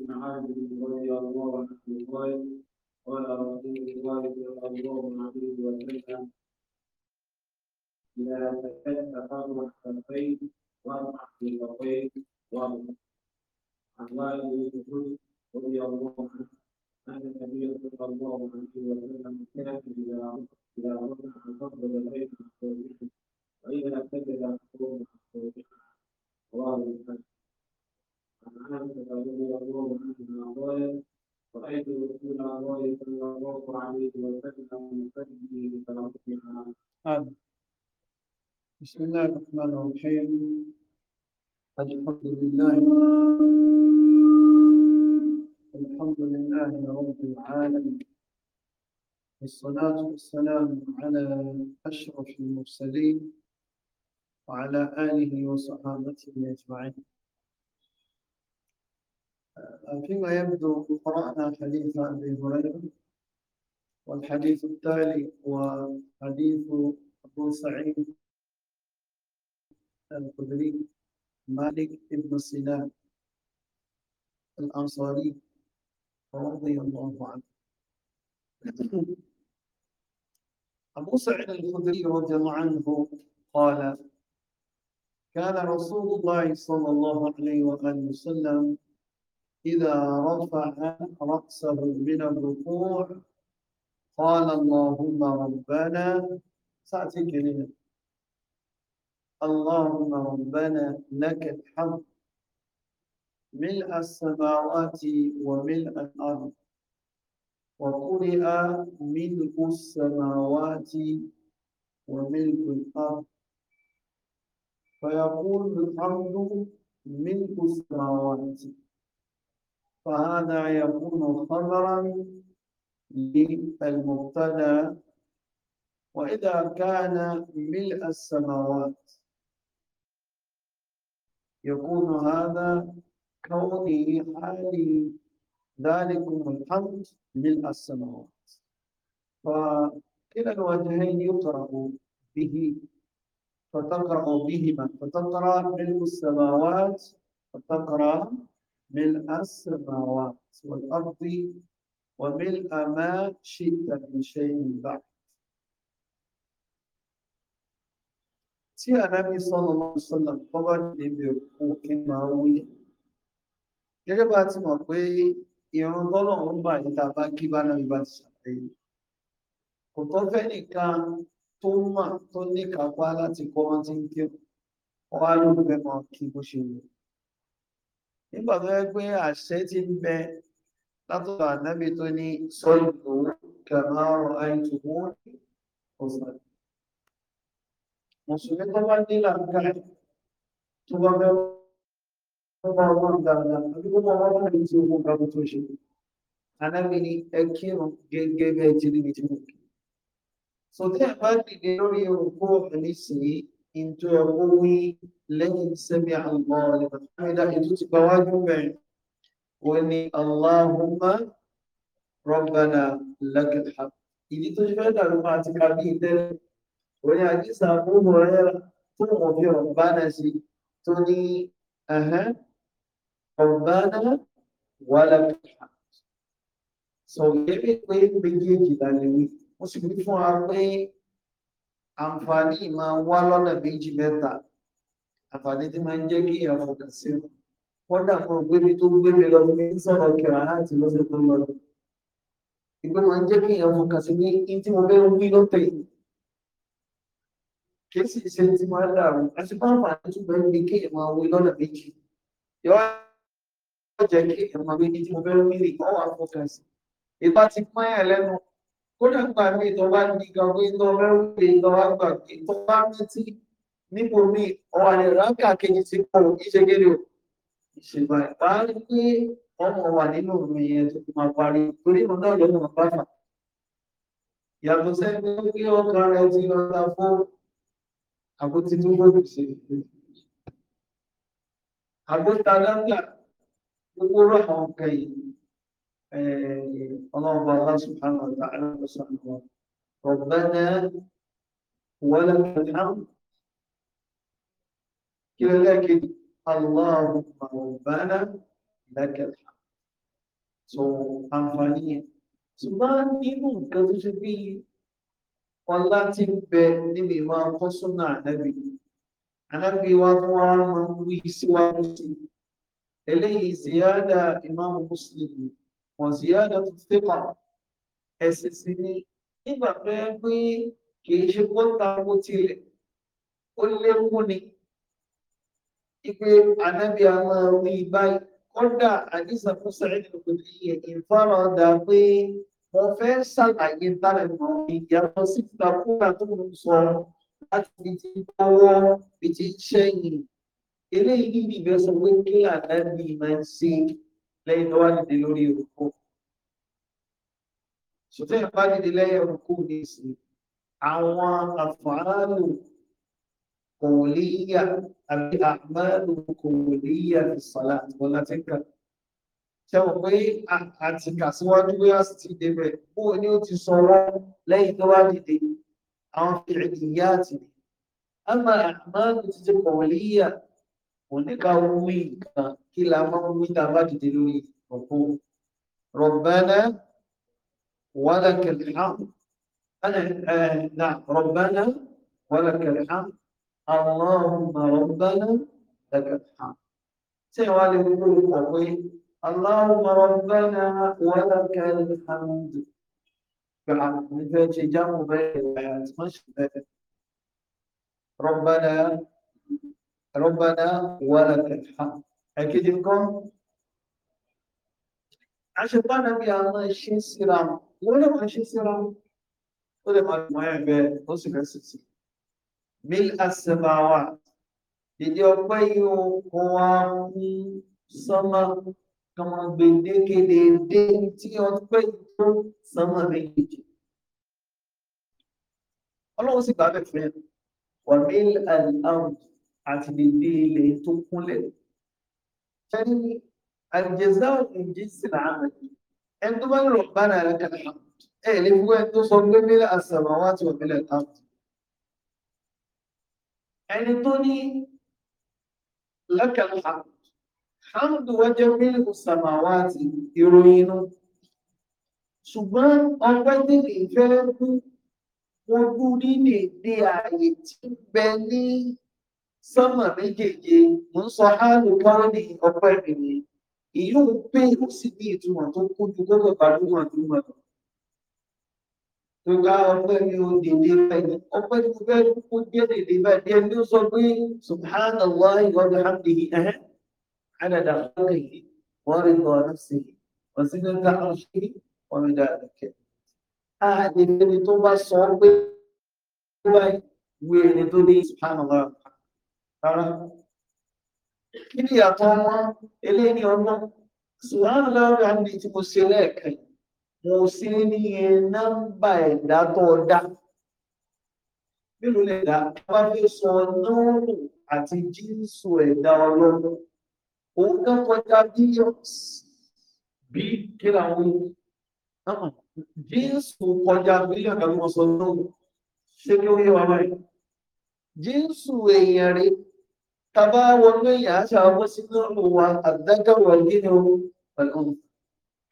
بن عبد رضي الله عنه قال قال رسول الله صلى الله عليه وسلم لا تكد تفرح الخير وارفع بالخير وارفع عن والد بن رضي الله عنه أن النبي صلى الله عليه وسلم كان إذا إذا رفع فضل بين أصابعه وإذا سجد فضل أصابعه رواه عن رضي الله رسول الله صلى الله عليه وسلم بسم الله الرحمن الرحيم الحمد لله الحمد لله رب العالمين والصلاة والسلام على أشرف المرسلين وعلى آله وصحابته أجمعين فيما يبدو قرأنا حديث أبي هريرة والحديث التالي هو حديث أبو سعيد الخدري مالك بن سنان الأنصاري رضي الله عنه أبو سعيد الخدري رضي الله عنه قال كان رسول الله صلى الله عليه وآله وسلم إذا رفع رأسه من الركوع قال اللهم ربنا ساعتين كلمة اللهم ربنا لك الحمد ملء السماوات وملء الأرض وقرئ ملء السماوات وملء الأرض فيقول الحمد ملء السماوات فهذا يكون خبرا للمبتدا وإذا كان ملء السماوات يكون هذا كونه حالي ذلكم الحمد ملء السماوات فكلا الوجهين يقرأ به فتقرأ بهما فتقرأ ملء السماوات فتقرأ ملء السماوات والأرض وملء ما شئت من شيء بعد tí ànábì sọ́nà sọ́nà tó bá débi òkú kí máa wí gẹ́gẹ́ bá ti mọ̀ pé ìrun tọ́lọ́run ń bà ní ta bá kí bá náà bá ti ṣàlàyé kò tó fẹ́ nìkan tó mà tó níkàápá láti kọ́ wọn ti ń kírun wọn á lóun fẹ́ máa kí bó ṣe wù ú nígbà tó yẹ pé àṣẹ ti ń bẹ látọ̀dọ̀ ànábì tó ní sọ́yìn òun kàmá àìtùmú ọ̀sán. mùsùlùmí tó bá ní làǹkà tó bá fẹ́ ọmọ ọmọ dáadáa àbí kó mọ ọmọ ọmọ yìí tí ó kún kábù tó ṣe. ànábì ní ẹ kírun gẹ́gẹ́ bẹ́ẹ̀ tí níbi tí mo kí. sọtẹ́ bá dìde lórí òkú ọ̀hún nísìnyí ìtò ẹ̀kọ́ wí lẹ́yìn sẹ́mi àgbọ̀ ìdá ètò ti gba wájú bẹ̀rẹ̀ wọ́n ní aláhùnmá rọ́bànà lákìlá ìdí tó fẹ́ dàrú máa ti ka bí ìtẹ́lẹ̀ wọ́n ní àdísà àbúrò rẹ̀ tó wọ́n fi sí tó ní rọ̀bànà wà lákìlá sọ̀rọ̀ yẹ́ pé méjèèjì lálẹ́ wí wọ́n sì wí fún wa pé àǹfààní máa ń wá lọ́nà méjì mẹ́ta àǹfààní tí máa ń jẹ́ kí àfọ̀dà sí i wọ́n dà fún ògbébi tó gbébi lọ ní sọ̀rọ̀ kẹrà láti lọ́sẹ̀ tó lọ. ìgbé máa ń jẹ́ kí àfọ̀dà sí ní kí tí mo fẹ́ wí lọ́tẹ̀ yìí kì í sì ṣe tí máa ń dàrú àti pàápàá tó bẹ̀rẹ̀ ní kí èèyàn máa wí lọ́nà méjì yọ jẹ́ kí èèyàn máa wí ní tí mo fẹ́ wí lè kọ́ àfọ̀dà sí. ìbá ti pọ́n ẹ̀ lẹ́nu kódà gba mi tó bá di gan pé tó bá ń pè tó bá gbà pé tó bá rántí níbo mi ọ̀wà lè ráńkà kejì sí kò iṣẹ́ kéde o ìṣègbà ìbá rí pé ọmọ wà nínú mi yẹn tó máa parí torí mo náà lọ́nà bá fà yàtọ̀ sẹ́ni pé ọkàn rẹ ti rọra fún àbótí tó gbòdì sí àbótá dáńgà gbogbo rọ àwọn kan اللهم الله سبحانه وتعالى وسبحانه ربنا ولك الحمد كذا لكن اللهم ربنا لك الحمد so àǹfààní yẹn ṣùgbọ́n nínú nǹkan tó ṣe bí wọn láti bẹ níbi ìwà kọ́sọ́nà ànábì ànábì wa fún wa máa ń wí síwájú sí eléyìí ziyada ìmáàmù mùsùlùmí ọ̀sìyájọ́ ti ṣe kàn ẹ̀sìn sí ni nígbà tó yẹ pé kìí ṣe kọ́ta owó tilẹ̀ ó lékún ni ipe anábì àwọn orí báyìí kọ́dà àdìsàn fún sẹ́yìn kò ní ìfọ́nà dà pé mo fẹ́ ṣàlàyé dára mọ́ ìyàtọ̀ sí ìtakùnà tó ń sọ láti fi ti bọ́wọ́ lẹ́yìn tó wá dìde lórí orúkọ ṣùgbọ́n ìpá dìde lẹ́yìn orúkọ ní ìsìn àwọn àfààlù kò líyà àbí àmàlù kò líyà ìsọ̀lá àtìwọlá tí ń kà ṣẹ́wọ̀n pé àti kà síwájú pé a sì ti débẹ̀ bó o ní ó ti sọ̀rọ̀ lẹ́yìn tó wá dìde àwọn fìrìkì yá àtìlẹ́ àmà àmàlù ti ti kọ̀wé líyà òun ní ká wí nǹkan kí la máa ń wí tá a bá dìde lórí ọ̀pọ̀ Rabbana walakal hamd Rabbana walakal hamd Allahumma Rabbana lakal hamd tí wọ́n lè wúlò pọ̀ pé Allahumma Rabbana walakal hamd فعن فاتي جامو بيت ما شبه ربنا ربنا ولك الحمد أكيد لكم عشان بنا بيا الله شيء سلام ولا ما شيء سلام ولا ما ما يبي هو من السماوات يدي أبيو قوام سما كما بديك دين دين تي أبيو سما ريج الله وسيبابك فين وملء الأرض àti lè dé ilẹ̀ tó kúnlẹ̀. Ṣẹ́ni àjẹsà òjì sílá àmì ẹni tó bá lọ bá náà rẹ̀ ẹ̀ lè fún ẹni tó sọ pé mílẹ̀ àṣàmà wá ti wà mílẹ̀ láàbù. Ẹni tó ní lẹ́kẹ̀lú àmì Hamdu wájẹ́ mílẹ̀ àṣàmà wá ti ìròyìn inú. Ṣùgbọ́n ọgbẹ́ tí kì í fẹ́ kú, wọ́n kú lè dé ààyè tí ń bẹ ní sánmà méjèèje mò ń sọ hálù wáró ní ọpẹ́ mi ni ìyóò pé ó sì ní ìtumọ̀ tó kójú gbọ́dọ̀ gbajúmọ̀ tó mọ̀ tó. Gbogbo ọpẹ́ mi ò dèdè báyìí. Ọpẹ́ tí mo fẹ́ kó jẹ́ dèdè báyìí. Ẹni ó sọ pé Subhanallahi wa bihamdihi ẹ̀hẹ́. Adàdà fún èyí, wọ́n rí lọ ọ̀rẹ́sì. Ọ̀sìnà ń ta ọ̀ṣẹ́ wọn rí dáadáa kẹ́. A lè fẹ́ni tó bá sọ pé wọ́n bá ẹni tó ní Subhanallah rárá kí ni ìyàtọ̀ wọn eléyìí ọgbọ́n ṣùgbọ́n lọ́rọ̀ àmì tí mo ṣe lẹ́ẹ̀kan mo ṣe ní nọ́mbà ẹ̀dá tó dá mélòó lè dá bá fi sọ nọ́ọ̀nù àti jíǹsù ẹ̀dá ọlọ́run òun kan kọjá billions bí kí làwọn jíǹsù kọjá billions àwọn ọ̀sán náà ṣé kí ó yé wa èèyàn rèé tàbá wọnú èyà ṣàwọ́ sínú òwà àdágáwà nínú pẹ̀lú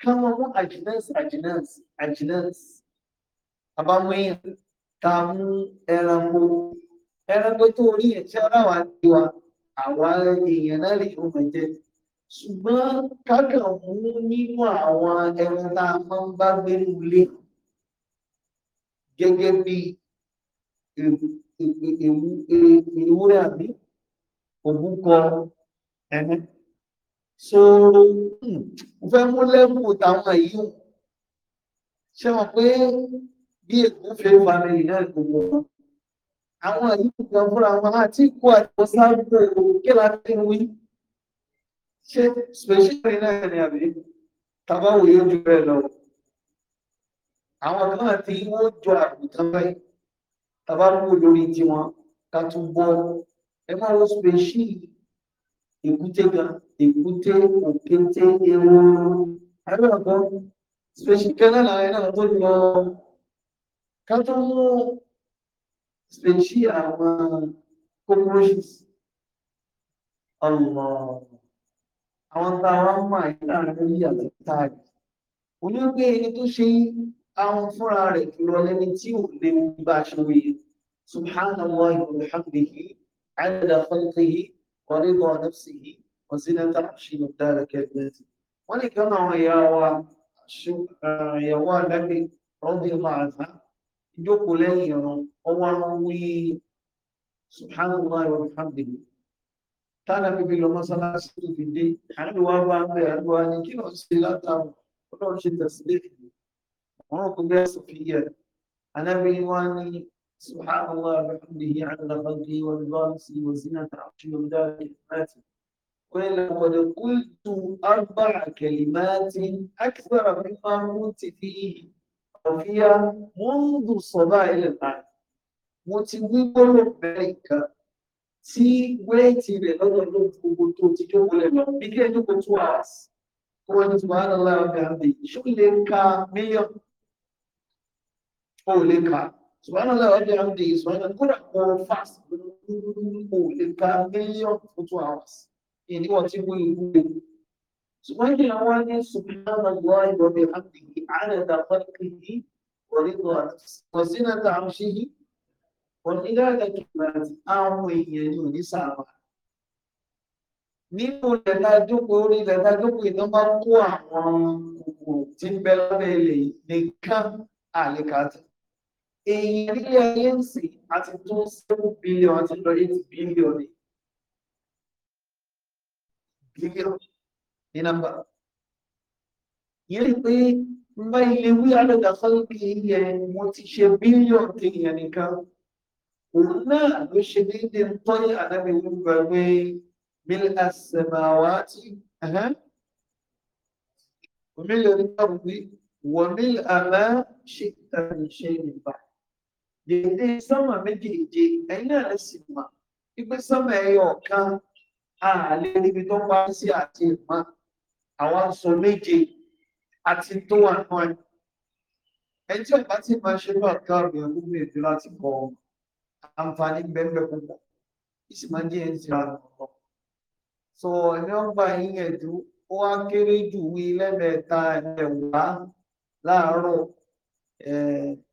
káwọn mú àjìnáàsì àjìnáàsì àjìnáàsì àbámú èyà ta mú ẹranko ẹranko tó rí ẹ̀ṣẹ́ aláwà ti wa àwa èèyàn náà rí ọmọ jẹ ṣùgbọ́n kákà mú nínú àwọn ẹran tá a máa ń bá gbé nílé gẹ́gẹ́ bí ewúrẹ́ àbí ògúnkọ ẹni so hmm, mo fẹ́ mú lẹ́mù táwọn èyí ṣe mọ̀ pé bí èkó fẹ́ family náà gbogbo àwọn èyí kan fúnra wọn àti kó àjọ sábẹ́ òkè láti wí ṣe special náà ni àbí tàbá wòye ojú rẹ lọ àwọn kan àti wọ́n jọ àgùntàn báyìí tàbá kú lórí tiwọn ká tún bọ́ ẹ máa lọ spèṣì èkúté gan èkúté òkété ehoro ẹgbẹ́ ọ̀gbọ́n spèṣì kẹ́lẹ́ láàrin náà tó lọ ká tó mú spèṣì àwọn cockroaches ọ̀nà àwọn tá a wá ń mọ̀ àyíká rẹ̀ lórí àtẹ̀táàdì onígbé ẹni tó ṣe àwọn fúnra rẹ̀ jùlọ lẹ́ni tí ò léwu bá a ṣe wòye subhanallah wa bihamdihi. عدد خلقه ورضا نفسه وزنة عرشه مقدار كلماته ولكما يا يا والدك رضي الله عنها يقول لي وروي سبحان الله وبحمده tánà bíbí lọ mọ́sálásí tó fi dé àríwá bá ń bẹ àríwá ni kí lọ sí látàwọn ó lọ ṣe tẹ̀sílẹ̀ wọn kò bẹ́ẹ̀ sọ fi yẹ anábìrin wa ní سبحان الله بحمده عدد خلقه ورضا نفسه وزنة عرشه ومدار كلماته ولقد قلت أربع كلمات أكثر مما كنت فيه أو فيها منذ الصباح إلى الآن متوبر بركة تي ويتي بهذا الرب وقلت تجول لهم بكي أجب تواس سبحان الله بحمده شو لك مليون أو لك Subhanallah ọjọ́ ìrìn dè Subhanallah kódà kó fast kó lè ka mílíọ̀nù for two hours. Ìní wọ́n ti wí ìwú ewu. Ṣùgbọ́n ìdí àwọn ní Subhanallah ìrọ̀lẹ́ àti àrẹ̀dà pàtàkì yìí wọlé lọ àti náà àmṣe yìí. Wọ́n ní dáadáa kìlọ̀ àti Nínú lẹ́ta jókòó orí lẹ́ta jókòó iná máa ń kó àwọn kòkòrò tí ń bẹ lábẹ́ ilẹ̀ nìkan àlekàtà èyí ilé ayé ń sìn àti tó seven billion àti lọ eight billion ni billion ní nàmbà yìí rí pé mbà ilé wí alẹ́dà sọ́lùkì yẹ mo ti ṣe billion kìnìyàn nìkan òun náà ló ṣe déédéé ń tọ́lé àdábì wíwá pé mílíọ̀nù sẹ̀máwá ti mílíọ̀nù tábùbí wọ̀ mílíọ̀nù àmà ṣe ìtàn ìṣe ìbá dèdè sánmà méjèèje ẹ̀yin náà lè sì mà wípé sánmà ẹyọ ọ̀kan àlè níbi tó parí sí àti ìmọ̀ àwọn aṣọ méje àti tó wà náà ẹni tí ọba ti máa ṣe náà ká ọ̀rọ̀ nínú ètò láti kọ àǹfààní gbẹ́gbẹ́ púpọ̀ ìsì máa jẹ́ ẹni tí a lọ lọ. sọ ẹni ọgbà yín ẹ̀dú ó wá kéré jù wí lẹ́mẹ̀ẹ́ta ẹ̀wá láàárọ̀ ẹ̀ẹ́.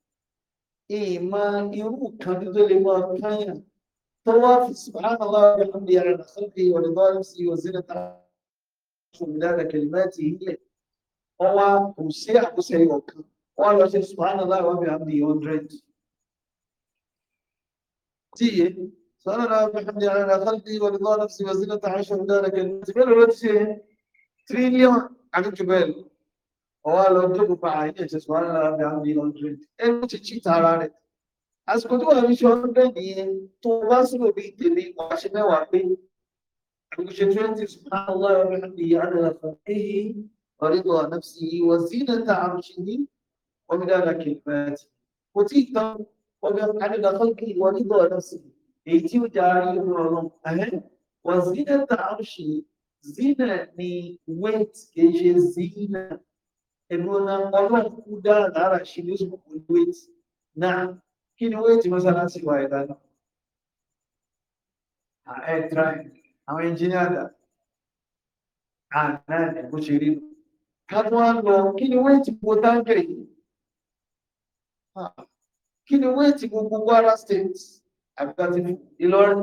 إيمان يروك بظل ما كان طواف سبحان الله بحمده على خلقه ورضا نفسه وزنة ميلاد كلماته هي هو مسيح وسيوك قال سبحان الله وبحمده 100 تي سبحان الله بحمده على خلقه ورضا نفسه وزنة عشر ميلاد كلماته قالوا نفسه تريليون على الجبال ọwọ́ lọ jókòó pa àyè ẹ̀ṣẹ̀ sùwárà lára bí àwọn ìlú hundred ẹni ti chi tara rẹ̀ àsìkò tí wọ́n fi ṣe hundred yẹn tó wá sílò bíi tèmi wàá ṣe mẹ́wàá pé àbíkúṣe twenty sùwárà lọ́wọ́ bí àwọn ìyá rẹ̀ fún èyí ọ̀rẹ́gbọ̀ ànáfsì wọ́n sí lẹ́tà àrùṣe ní ọmọdára kìlìmẹ́tì kò tí ì tán ọjọ́ adédàkọ́ kí ìwọ nígbà ànáfsì èyí tí ó jà ayé fún ọlọ́run zina ni weight kì zina ẹ̀dùn ọ̀nà ọlọ́run kú dára lára ṣe ní oṣù kò ní wéètì náà kí ni wéètì mọ́sálásí wà ah, ẹ̀dá ah, náà ẹ̀ tíráì àwọn ẹnjìníà dà àná ẹ̀kọ́ ṣe rí ká tún á lọ kí ni wéètì gbogbo táǹkì yìí ah, kí ni wéètì gbogbo Kwara state àbíkájú Ìlọrin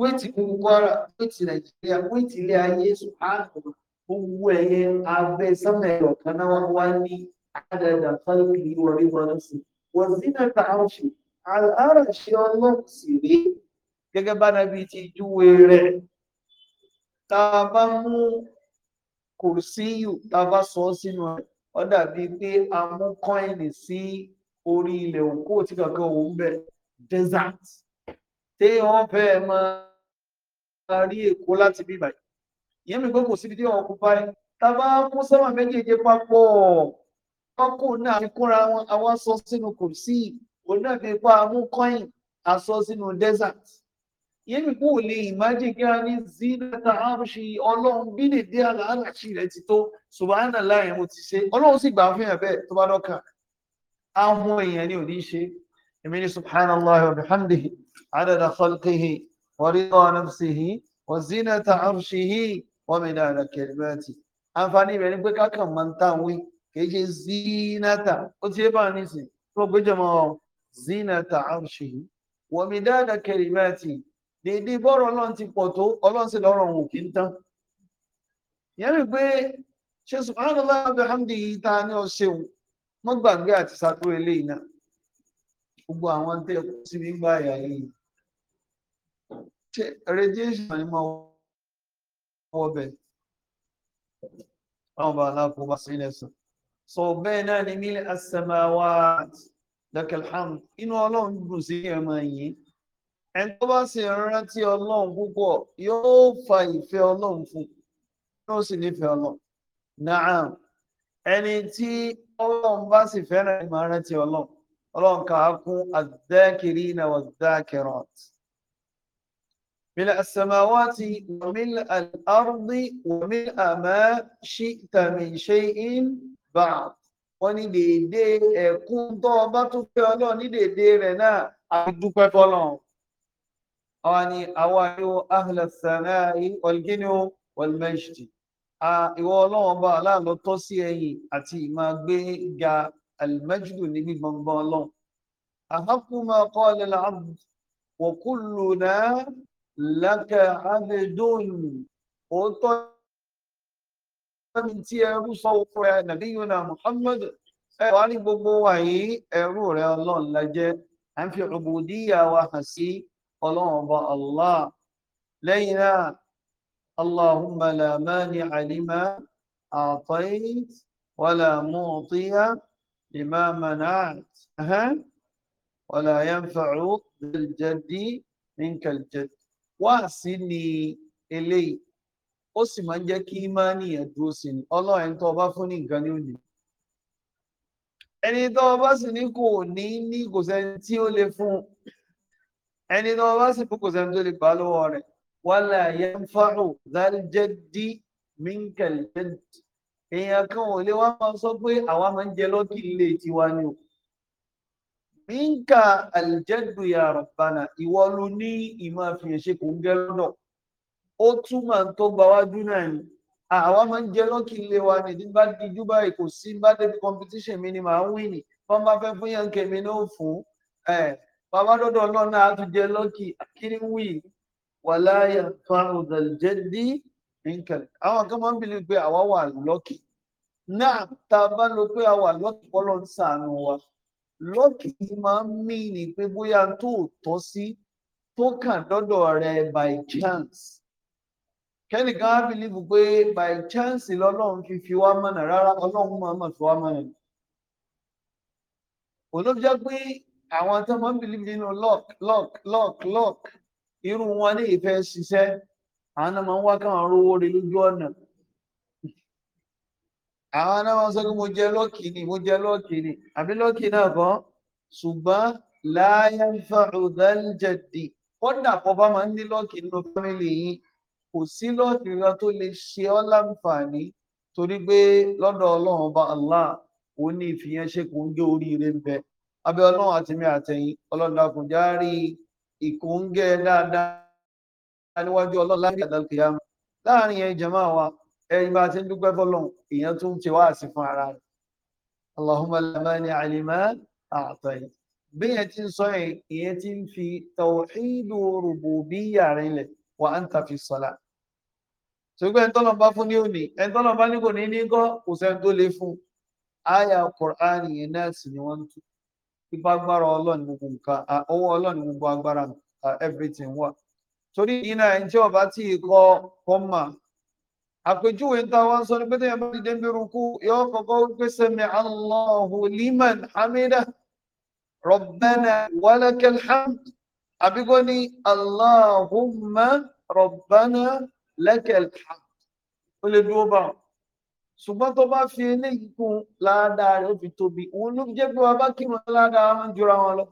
wéètì gbogbo Kwara wéètì Nàìjíríà wéètì ilé ayé sùn á nù owó ẹyẹ abẹ́ sánmà ẹyọ kan náà wá ní àdàdà kálíkì wọlé wọlé sí wọn zina ta àrùsì àrùsì Ọlọ́run sì rí gẹ́gẹ́ bá nàbí ti júwe rẹ̀ tá a bá mú kùrùsíyù tá a bá sọ sínú rẹ̀ ó dàbí pé a mú kọ́ìnì sí orí ilẹ̀ òkú tí kankan òun bẹ desert tí wọ́n fẹ́ máa rí èkó láti bí báyìí ìyẹn mi gbọ́dọ̀ síbi tí ọkùn bá yẹn tábà kó sẹ́wà méjèèjì papọ̀ ọkọ̀ náà fi kúnra wọn àwọn sọ sínú kò sí òun náà fi pa amú kọ́yìn àsọ sínú desert ìyẹn mi kú lè ìmájì kí a ní zinata amṣi ọlọ́run bí lè dé àlàáfíà sí rẹ ti tó subahana láì mo ti ṣe ọlọ́run sì gbà fún yàn bẹ́ẹ̀ tó bá dọ́kà àwọn èèyàn ni ò ní ṣe èmi ni subhanallah wa bihamdihi adada khalqihi wa rida nafsihi wa zinata arshihi wọ́n mi dáadáa kẹ̀lẹ́mẹ́tì àǹfààní rẹ̀ ni pé kákan máa ń tàn wí kìí ṣe zinata ó ti bá ní sìn tó gbéjọ mọ́ zinata àrùṣe yìí wọ́n mi dáadáa kẹ̀lẹ́mẹ́tì dèédé bọ́rọ̀ ọlọ́run ti pọ̀ tó ọlọ́run sì lọ́rọ̀ òun kì í tán ìyẹn rí i pé ṣe subhanallah abihamdi yìí ta ni ọ ṣeun wọ́n gbàgbé àti sàtó eléyìí náà gbogbo àwọn tẹ́ kó síbi gbà yà yìí radiation ni mo wọ́n wọ bẹ̀ àwọn bá aláàfo bá sílẹ̀ sọ so bẹ́ẹ̀ náà ni nílẹ̀ asẹ́máwá lẹ́kẹ̀lham inú ọlọ́run dùn sí ẹ̀mọ yìí ẹni tó bá sì rántí ọlọ́run púpọ̀ yóò fa ìfẹ́ ọlọ́run fún yóò sì nífẹ̀ẹ́ ọlọ́run náà ẹni tí ọlọ́run bá sì fẹ́ràn ìmọ̀ rántí ọlọ́run ọlọ́run kà á kún àdákìrí náà wà dákìrọ̀tì. ملء السماوات وملء الأرض وملء ما شئت من شيء بعد wọ́n ní dèédé ẹ̀kún tó ọba tó fẹ́ ọlọ́run ní dèédé rẹ̀ náà àdúpẹ́ fọlọ́run. àwọn ni àwa yóò ahlẹ̀ sàrẹ́ ọ̀lgínú wọ̀lmẹ́ṣìtì. ìwọ ọlọ́run ọba aláàlọ́ tọ́ sí ẹ̀yìn àti ìmọ̀ gbé ga àlùmẹ́jùdù níbi gbọ̀ngbọ̀n ọlọ́run. àhákùmọ̀ kọ́ ọ̀lẹ́lá wọ̀kúlù náà lẹ́kẹ̀ abẹ́dóyìn òótọ́ ẹni tí ẹrú sọ fún ẹ nàbí yunà Muhammad ẹ wà ní gbogbo wa yìí ẹrú rẹ ọlọ́run lẹ́jẹ́ à ń fi ọ̀bùdíyà wa hàn sí ọlọ́run ọba Allah lẹ́yìn náà Allahumma la mani'a lima a'tayt wala mu'tiya lima mana'at. ولا ينفع الجد منك الجد wáàsí ni eléyìí ó sì máa ń jẹ́ kí ìmánì yẹn dúró sí ni ọlọ́run ẹni tó o bá fún ní nǹkan ní òní ẹni tó o bá sì ní kò ní ní kò sẹ́ni tí ó lè fún ẹni tó o bá sì fún kò sẹ́ni tó lè gbà lọ́wọ́ rẹ̀ wàhálà yẹn ń fáwọn lálẹ́jẹ́dí mínkẹ̀lẹ́dì èèyàn kan ò lè wá máa sọ pé àwa máa ń jẹ lọ́kì ilé tiwa ni o minka aljaddu ya rabbana ìwọ ló ní ìmọ̀ àfihàn ṣe kò ń gẹ́ lọ́dọ̀ ó túmọ̀ tó gba wájú náà ni àwa máa ń jẹ́ lọ́kì ilé wa ni tí bá dijú báyìí kò sí bá débi competition mi ni màá ń wí ni wọ́n bá fẹ́ fún yàn kẹ́mi náà fún ẹ̀ bàbá dọ́dọ̀ náà náà á tún jẹ́ lọ́kì kiri ń wí wàlá yanfa'u dhal jaddi minka àwọn kan máa ń bìlí pé àwa wà lọ́kì náà tá a bá lọ pé àwa lọ́kì kọ́ ń sàánú wa lọ́kì máa ń mí ni pé bóyá tó tọ́ sí tó kàn dọ́dọ̀ rẹ by chance kẹ́nìkan á bìlíìfù pé by chance lọ́lọ́run fi fi wá mọ̀nà rárá ọlọ́run máa mọ̀ fi wá mọ̀nà olóòjọ́ pé àwọn tó máa ń bìlíìfù nínú lock lock lock lock irú wọn ní ìfẹ́ ṣiṣẹ́ àwọn náà máa ń wá káwọn rówó rí lójú ọ̀nà àwọn náà máa sọ pé mo jẹ lọ́ọ̀kì ni mo jẹ lọ́ọ̀kì ni àbí lọ́ọ̀kì náà kan ṣùgbọ́n láyé ń fa ọ̀dàlùjẹ̀dì kódà kó bá máa ń ní lọ́ọ̀kì nínú fámìlì yìí kò sí lọ́ọ̀kì kan tó lè ṣe ọ́ láǹfààní torí pé lọ́dọ̀ ọlọ́run ọba allah ó ní ìfìyẹn ṣe kò ń gé oríire ń bẹ abẹ́ ọlọ́run àtìmí àtẹ̀yìn ọlọ́dà kò járí ìkóńgẹ́ dáadáa níwájú ọlọ́run láàrin àdàkìyàmù láàrin ẹ̀ jẹ̀mọ́ àwa ẹ̀yìn bá ti ń dúpẹ́ fọ́lọ́n ìyẹn tó ń ti wá sí fún ara rẹ̀ Allahumma lamani alima àtọ̀yìn bí yẹn ti ń sọ ẹ̀ ìyẹn ti ń fi tawhidu rububiyya rinlẹ̀ wa anta fi salat ṣùgbọ́n ẹ̀ńtọ́lọ́ bá fún ní òní ẹ̀ńtọ́lọ́ bá ní ní ní kò sẹ́ni tó lè fún àyà Kùránì yẹn náà sì ni wọ́n ń tú ipa agbára ọlọ́ọ̀ni gbogbo nǹkan ọwọ́ ọlọ́ọ̀ni gbogbo agbára everything wà torí yìí náà ẹni tí ọba tí ì kọ́ kọ́ máa àpèjúwe ń ta wá ń sọ ní pété yẹn bá dìde níbi rúkú yóò kọ́kọ́ wípé sẹ́mi Allahu liman hamida rabbana walakal hamd àbíkó ní Allahumma rabbana lakal hamd ó lè dúró bá wọn ṣùgbọ́n tó bá fi eléyìí kún ládàá rẹ̀ ó fi tóbi òun ló jẹ́ pé wa bá kírun ládàá wọn jura wọn lọ.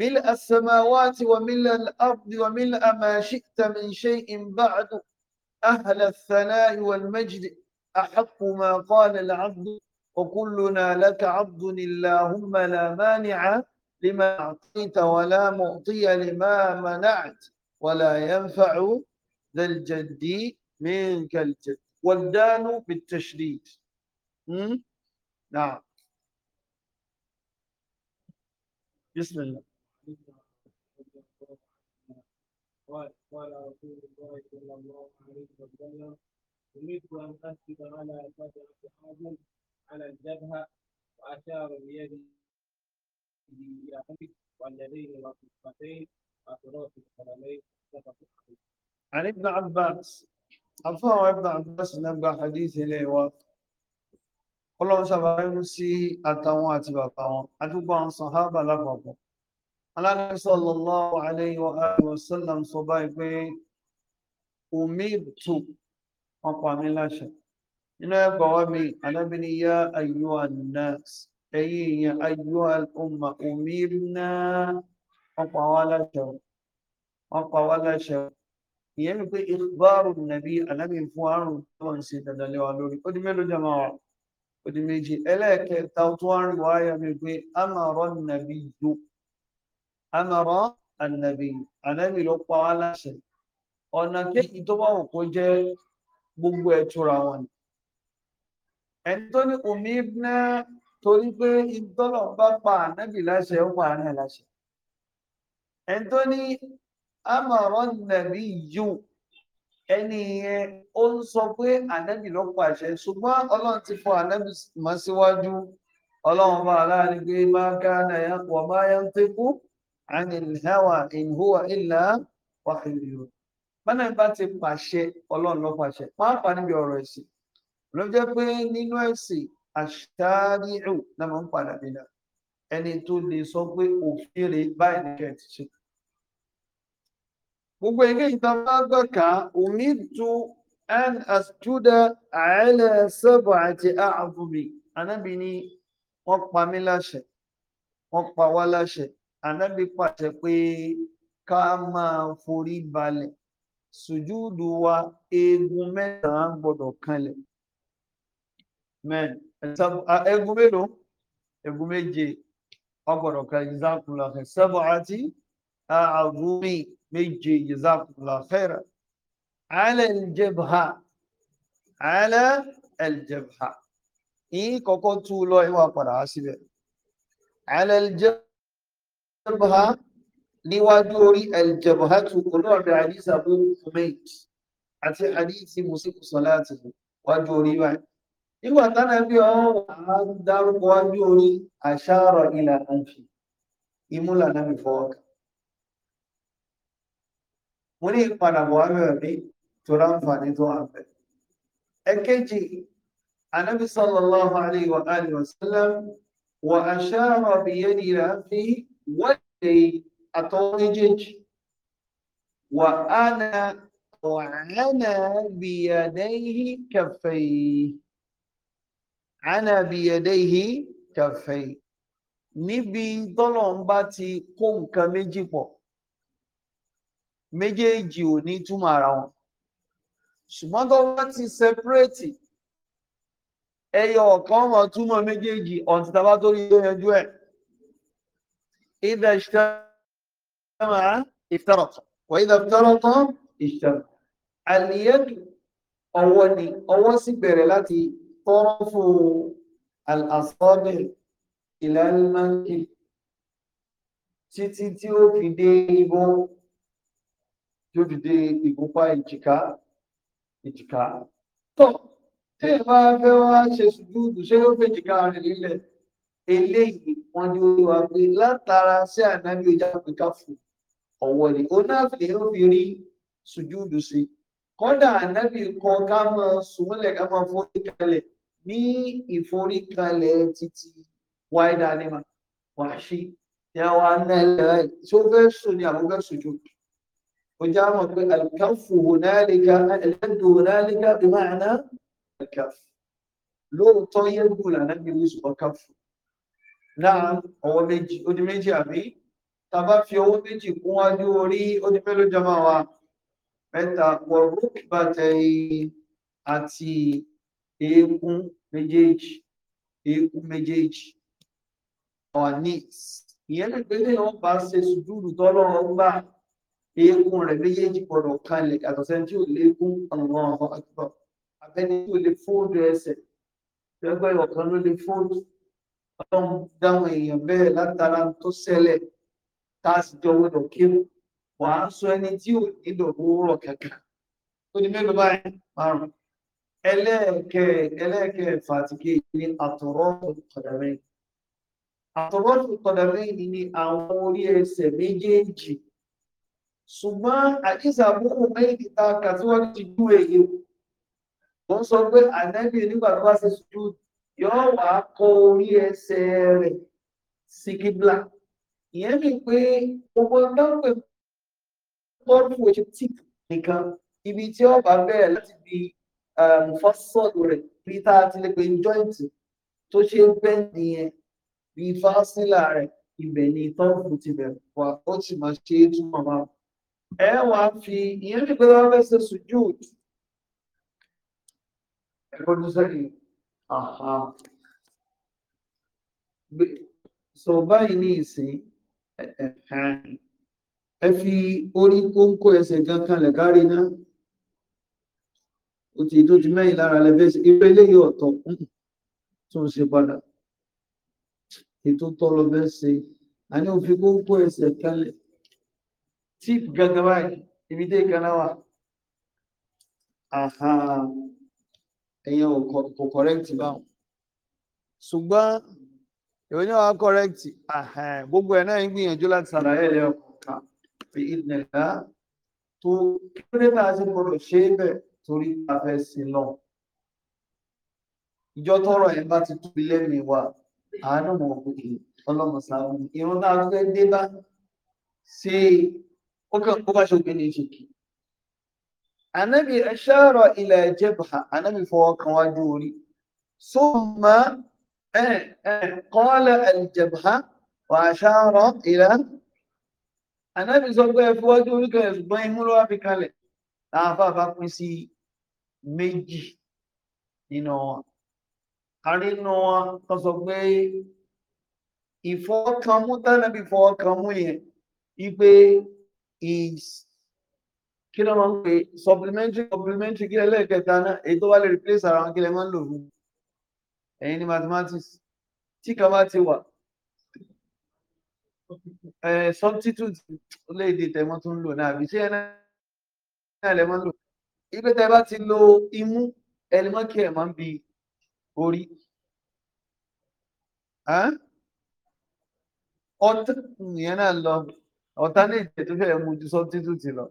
ملء السماوات وملء الأرض وملء ما شئت من شيء بعد أهل الثناء والمجد أحق ما قال العبد وكلنا لك عبد اللهم لا مانع لما أعطيت ولا معطي لما منعت ولا ينفع ذا الجد منك الجد والدان بالتشديد نعم بسم الله قال قال رسول الله صلى الله عليه وسلم أريد أن أكتب على سبعة حاجم على الجبهة وأشار بيده إلى خمس واليدين والخفتين وأطراف القدمين متفق عن ابن عباس àfọwọ́ ibn Abbas náà gba hadith ilé wa ọlọ́run ṣàbáyé sí àtàwọn àti bàbá wọn àdúgbò àwọn aláàrẹ sallallahu alayhi wa alihi wa sallam sọ báyìí pé omi tù ọkọ mi láṣẹ inú ẹgbà wa mi alábìnrin ya ayyuhan nas ẹ̀yin èèyàn ayyuhal umma omi náà ọkọ wa láṣẹ ọkọ wa láṣẹ ìyẹn ni pé ìgbárùn nàbí alábì fún àrùn tó ń ṣe dandan wa lórí ó di mélòó jẹmọ wa ó di méjì ẹlẹ́ẹ̀kẹta tó ń rí wáyà mi pé àmàrọ nàbí yòó amọ̀rọ̀ ànàbì ànàbì ló pa wá láṣẹ ọ̀nà kéèkì tó bá wù kó jẹ́ gbogbo ẹ̀tura wọn ni ẹni tó ní omi ná torí pé ìtọ́lọ̀ bá pa ànàbì láṣẹ ó pa ànà láṣẹ ẹni tó ní amọ̀rọ̀ ànàbì yìí ẹni yẹn ó ń sọ pé ànàbì ló pàṣẹ ṣùgbọ́n ọlọ́run ti fọ ànàbì mọ́ síwájú ọlọ́run bá aláàrin pé máa ká náà yẹn pọ̀ máa yẹn ń tẹ́kù. عن الهوى إن هو إلا وحي يوحى bọ́nà bá ti pàṣẹ ọlọ́run ló pàṣẹ wọ́n á pa níbi ọ̀rọ̀ ẹ̀sìn ló jẹ́ pé nínú ẹ̀sìn àṣàríhù náà máa ń padà nínú ẹni tó lè sọ pé òfin rè báyìí ní kẹ́ẹ̀tì ṣe. gbogbo ilé ìta bá gbọ́ ká omi tu an asjuda ala sab'ati a'zumi anábì ni wọ́n pa mí láṣẹ wọ́n pa wá láṣẹ anábì pàṣẹ pé ká máa forí balẹ̀ sùjúdù wa eegun mẹ́sàn-án gbọ́dọ̀ kanlẹ̀ eegun mélòó eegun méje ọgbọ̀dọ̀ kan ìzákùnlá fẹ́ sẹ́bọ̀ àti àgúnmí méje ìzákùnlá fẹ́ràn alẹ́ ìjẹbà alẹ́ ìjẹbà yìí kọ́kọ́ tú lọ ìwà padà síbẹ̀ alẹ́ ìjẹbà jabha níwájú orí aljabhatu olóòdà àdísà bó kùmẹ́t àti àdísì mùsíkù sọláàtì wájú orí wa nígbà tánà bí ọ̀hún dárúkọ wájú orí àṣàrọ̀ ilà àǹfì ìmúlà náà mi fọwọ́kà mo ní ìpadà bọ̀ wábẹ̀rẹ̀ mi tó ráǹfààní tó àbẹ̀ ẹ̀kẹ́jì النبي صلى الله عليه وآله وسلم وأشار بيد رأسه wọ́lẹ̀ àtọwọ́ méjèèjì wà á na ọ̀rẹ́nà bìyàdẹ́yì kẹfẹ̀ẹ́ àánà bìyàdẹ́yì kẹfẹ̀ẹ́ níbi tọ́lọ̀ ń bá ti kó nǹkan méjì pọ̀ méjèèjì ò ní túmọ̀ ara wọn ṣùgbọ́n tó bá ti sẹpẹ́rẹ́tì ẹyọ ọ̀kan ọmọ túmọ̀ méjèèjì ọ̀n ti tàbá tó rí yanjú ẹ̀. إذا اجتمع افترق وإذا افترق اجتمع اليد أولي أول سبير التي طرف الأصابع إلى المنكب títí tí ó fi dé igbó tí ó fi dé ìgúnpá ìjìká ìjìká tó tí ẹ bá fẹ́ wá ṣe sùdúùdù ṣé ó fẹ́ jìká rẹ̀ lílẹ̀ eléyìí wọn ni ó wà pé látara sí ànábì ojú àpẹká fún ọwọ́ ni ó náà fi ó fi rí sùjúdù sí kódà ànábì kan ká máa sùnmọ́lẹ̀ ká máa forí ní ìforíkalẹ̀ títí wáìdá nímà wàṣí ni àwọn anáìlẹ rẹ tí ó fẹ́ sùn ní àwọn fẹ́ sùjúdù ó já mọ̀ pé àlùkáfù hùnáàlìkà ẹlẹdù hùnáàlìkà bí máa ná àlùkáfù lóòótọ́ yẹn gùn lànà bí wíṣọ ọkàfù náà ọwọ́ méjì ó di méjì àbí tàbá fi ọwọ́ méjì kún wájú orí ó di mélòó jọmọ́ wa mẹ́ta wọ rúkì bàtẹ́ àti eékún méjèèjì eékún méjèèjì our knees ìyẹn lè pé lè wọ́n bá ṣe sùdúrù tọ́lọ́run gbà eékún rẹ̀ méjèèjì gbọ́dọ̀ kalẹ̀ yàtọ̀ sẹ́ni tí ò lékún ọ̀nà ọ̀hún àtúbọ̀ tí ò lè fóònù ẹsẹ̀ tẹ́gbẹ́ ọ̀kan ló lè fóònù ọlọ́run dáhùn èèyàn bẹ́ẹ̀ látara tó ṣẹlẹ̀ tá a sì jọ gbọdọ̀ kí wàá sọ ẹni tí ò nílò owó kankan tó ní mélòó báyìí márùn ẹlẹ́ẹ̀kẹ́ ẹlẹ́ẹ̀kẹfà àti kejì ní àtọ̀rọ́ọ̀tù kọ̀dàmẹ́yìn àtọ̀rọ́ọ̀tù kọ̀dàmẹ́yìn ni àwọn orí ẹsẹ̀ méjèèjì ṣùgbọ́n àdìsá àbúkù méjì ta kàtíwọ́n ti ju èyí wọ́n sọ pé ànẹ́bí nígbà tó bá ṣe sùjú yóò wá kọ orí ẹsẹ̀ rẹ̀ sí kíbla ìyẹn mi pé gbogbo dáńpẹ̀ bọ́ọ̀dù wòye tip nìkan ibi tí ó bá bẹ̀rẹ̀ láti di mufasọ́ọ̀dù um, rẹ̀ bí tá a ti lè pe joint tó ṣe ń bẹ́ nìyẹn bí fásílà rẹ̀ ibẹ̀ ni tọ́ọ̀fù ti bẹ̀rẹ̀ wá ó sì máa ṣe é túmọ̀ máa ẹ wàá fi ìyẹn mi pé wọ́n fẹ́ ṣe sùjúùd ẹ̀kọ́ tó sẹ́yìn. Aha. So báyìí ní ìsìn ẹ fi orí kóńkó ẹsẹ̀ gan kanlẹ̀ kárí náà. Ó ti tó ti mẹ́yìn lára lẹ́fẹ́ irú eléyìí ọ̀tọ̀ tó ń ṣe padà. Ètò tọrọ bẹ́ ṣe. A ní òfin kóńkó ẹsẹ̀ kanlẹ̀. Tíìpù gangan báyìí, ibi dé kan náà wà. Aha ẹ̀yàn kò kọ̀rẹ́ǹtì báwọn ṣùgbọ́n ìwé ní wàá kọ̀rẹ́ǹtì gbogbo ẹ̀ náà ń gbìyànjú láti ṣàlàyé ẹ̀ ọ̀ka fi ilẹ̀ dá tó kílódé náà ṣe gbọdọ̀ ṣe é bẹ̀ torí a fẹ́ sí náà ìjọ tọrọ ẹ̀ bá ti tóbi lẹ́mìí wa àánú mọ̀ òkè ọlọ́mọṣàánú irun náà fẹ́ dé bá ṣe ó kàn bá ṣe òkè ní ìṣèkì anabi ashara ila jabha anabi fọwọ́ kan wájú orí summa qala aljabha wa ashara ila anabi sọ pé ẹ fọwọ́jú orí kan ṣùgbọ́n imú ló wá fi kalẹ̀ láwọn afáfá pín sí méjì nínú wọn àrínú wọn tó sọ tánàbí fọwọ́kanmú yẹn wípé is kí ló máa ń pè supplementary complementary kí lẹ́lẹ́kẹta náà èyí tó wá lè replace ara wọn kí lẹ́ máa ń lò fún ẹ̀yin ní mathematics tí kan bá ti wà substitute orílẹ̀-èdè tẹ̀mọ́ tó ń lò náà àbí ṣé ẹ̀ náà lẹ́ máa ń lò ibi tẹ́ bá ti lo imú ẹni mọ́ kí ẹ̀ máa ń bi orí ọ̀tá ìyẹn náà lọ ọ̀tá ní ìjẹ́ tó fẹ́ mú ju substitute lọ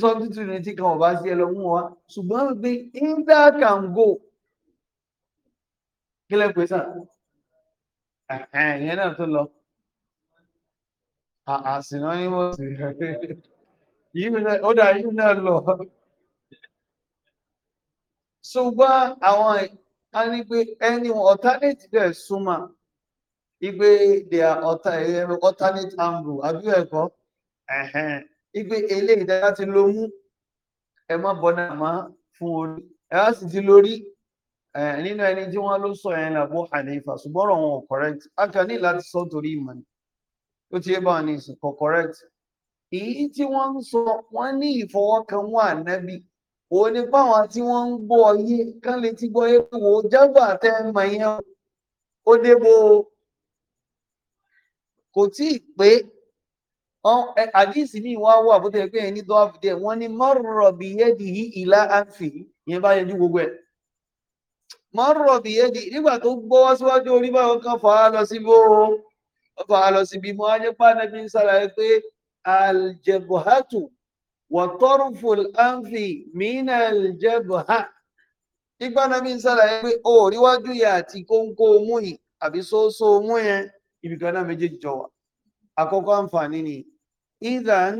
sọ́ọ́tì trinity kan ọba sí ẹ lọ mú wa ṣùgbọ́n pé inter can go kí lẹ́ pè sàn ìyẹn náà tó lọ àṣìná yín wọ́n sì yìí ó dà yìí náà lọ ṣùgbọ́n àwọn a ní pé ẹni alternative súnmọ́ ìgbé their alternate angle àbí ẹ̀kọ́ ipe eléyìí dára ti ló mú ẹ má bọ́nà mọ́ fún orí ẹ wá sì ti lórí nínú ẹni tí wọ́n ló sọ yẹn làbó Hanifa ṣùgbọ́n ọ̀rọ̀ wọn ò correct a láti sọ torí ìmọ̀ ni ó ti yé bá wọn ní ìsìn kò correct èyí tí wọ́n ń sọ wọ́n ní ìfọwọ́kànwọ́ ànábì òun ni báwọn tí wọ́n ń gbọ́ ọyé kán lè ti gbọ́ ewu wò jágbà tẹ́ mọ̀ yẹn ó débò kò tí ì pé àdíìsì ní ìwá wà bó tẹ́ pé ẹni tó wá fìdí ẹ̀ wọ́n ní mọ́rọ̀ bí yẹ́dì yí ìlà àǹfì yẹn bá yẹjú gbogbo ẹ̀ mọ́rọ̀ bí yẹ́dì nígbà tó gbọ́wọ́ síwájú orí báwọn kan fà lọ sí bó fà á lọ sí bí mo ajẹ́ pàdé bí ń ṣàlàyé pé aljẹ̀bọ̀hátù wọ̀tọ́rùfù àǹfì mìíràn aljẹ̀bọ̀há nígbà náà bí ń ṣàlàyé pé ó ríwájú yẹ àti kóńkó mú yìí àbí sóńsó mú yẹn ibìkan náà méjèèjì jọ wà àkọ́kọ́ àǹfààní nìyí ìdán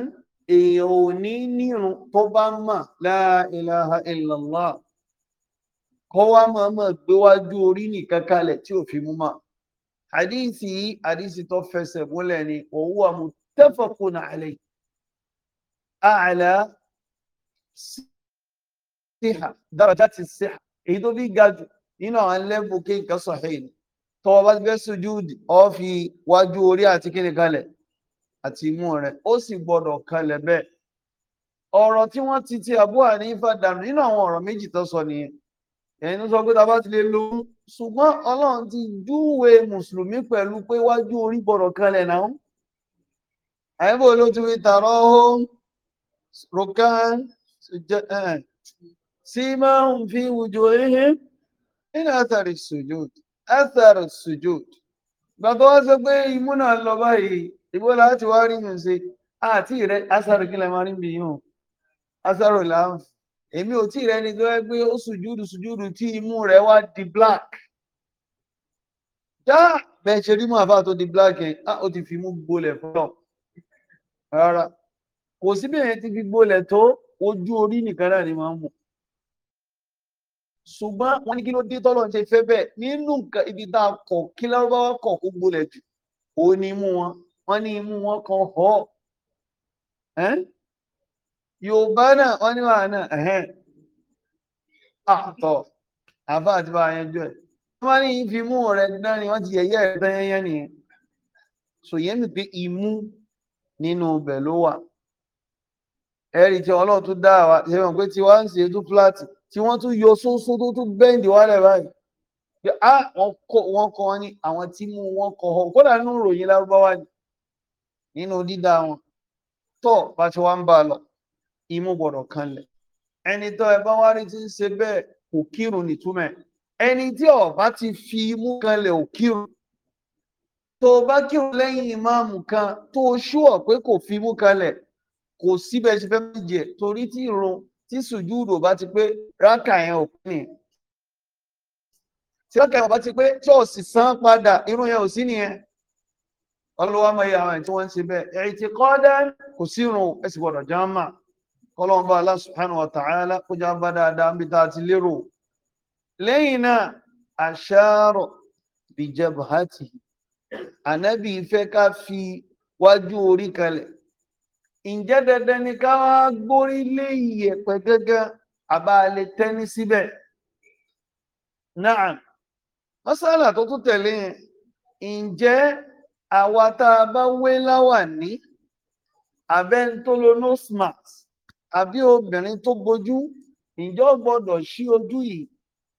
èèyàn ò ní nírun tó bá mà la ilaha illallah kọ́ wá máa máa gbé wájú orí nìkan kalẹ̀ tí ò fi mú mà àdìsí àdìsí tó fẹsẹ̀ múlẹ̀ ni òwúwa muttafaqun alayhi àlà síhà darajati síhà èyí tó fi ga jù nínú àwọn lẹ́bù kéèkà sọ̀hìn tọ́wọ́ bá ti fẹ́ sujúdì fi wájú orí àti kíni kalẹ̀ àti imú rẹ̀ ó sì gbọ́dọ̀ kalẹ̀ bẹ́ẹ̀ ọ̀rọ̀ tí wọ́n ti ti Abu Hanifa dànù nínú àwọn ọ̀rọ̀ méjì tó sọ nìyẹn ẹ̀yin tó sọ pé tá a bá ti lè lo ṣùgbọ́n Ọlọ́run ti júwe mùsùlùmí pẹ̀lú pé wájú orí gbọ́dọ̀ kalẹ̀ náà àyẹ̀bò ló ti fi tààrọ̀ ohun rọkàn sí máa ń fi wùjọ ẹ̀hìn nínú àtàrí sùjúd àtàrí sùjúd gbàtọ́ wá sọ pé imú náà lọ báyìí ìgbó láti wá rí yìí ṣe àti rẹ asaro kí lè máa rí bìyìn o asaro làwọn èmi ò tí rẹ ni tó yẹ pé ó sùjúdù sùjúdù tí imú rẹ wá di black já bẹ́ẹ̀ ṣe rí mú àfa tó di black yẹn á ó ti fi mú gbolẹ̀ fún ọ rárá kò sí bí èèyàn ti fi gbolẹ̀ tó ojú orí nìkan náà ni máa ń mú ṣùgbọ́n wọ́n ní kí ló dé tọ́lọ́ ṣe fẹ́ bẹ́ẹ̀ nínú ibi tá a kọ̀ kí lárúbáwá kọ̀ kó gbolẹ̀ jù òun ni mú wọn wọ́n ní imú wọn kan họ yorùbá náà wọ́n ní wàá náà àtọ̀ àbá àti bá yanjú ẹ̀ wọ́n ní fi imú rẹ̀ dán ni wọ́n ti yẹ̀yẹ́ rẹ̀ tán yẹ́yẹ́ nìyẹn so yẹn mi pé imú nínú ibẹ̀ ló wà ẹ̀rí tí ọlọ́run tún dá wa ṣe mọ̀ pé tí ń ṣe tún fúláàtì tí wọ́n tún yọ sóńsó tó tún bẹ́ǹdì wálẹ̀ báyìí ah, wọ́n kọ́ wọn ní àwọn tí mú wọn kọ́ kódà nínú ìròyìn lárúbáwá ni nínú dídá wọn tó bá ti wá ń bá a lọ imú gbọ́dọ̀ kanlẹ̀ ẹni tó ẹ bá wá rí ti ń ṣe bẹ́ẹ̀ kò kírun nìtúmẹ̀ ẹni tí ó bá ti fi imú kanlẹ̀ ò kírun tó o bá kírun lẹ́yìn ìmáàmù kan tó o ṣúọ̀ pé kò fi imú kanlẹ̀ kò síbẹ̀ ṣe fẹ́ méje torí tí ìrun tí sùjúdò bá ti pé rákà yẹn ò pín nìyẹn tí rákà yẹn ò bá ti pé tí ò sì san padà irun yẹn ò sí nìyẹn ọlọ́wọ́ mọ̀ iye àwọn tí wọ́n ń ṣe bẹ́ẹ̀ ẹ̀yìn ti kọ́ dán kò sírun ẹ̀sì gbọ́dọ̀ jámà kọ́lọ́n bá Allah subhanahu wa ta'ala kó já bá dáadáa ń bí ta ti lérò lẹ́yìn náà àṣàrọ̀ bí jabhati ànábì fẹ́ ká fi wájú orí kalẹ̀ ǹjẹ́ dandan ni ká wá gbórí lé iyẹ̀pẹ̀ gángan àbá lè síbẹ̀ náà masala tó tún tẹ̀lé yẹn ǹjẹ́ àwa tá a bá wé láwàní abẹ́ni tó lo nose mask àbí obìnrin tó bojú ǹjọ́ gbọ́dọ̀ ṣí ojú yìí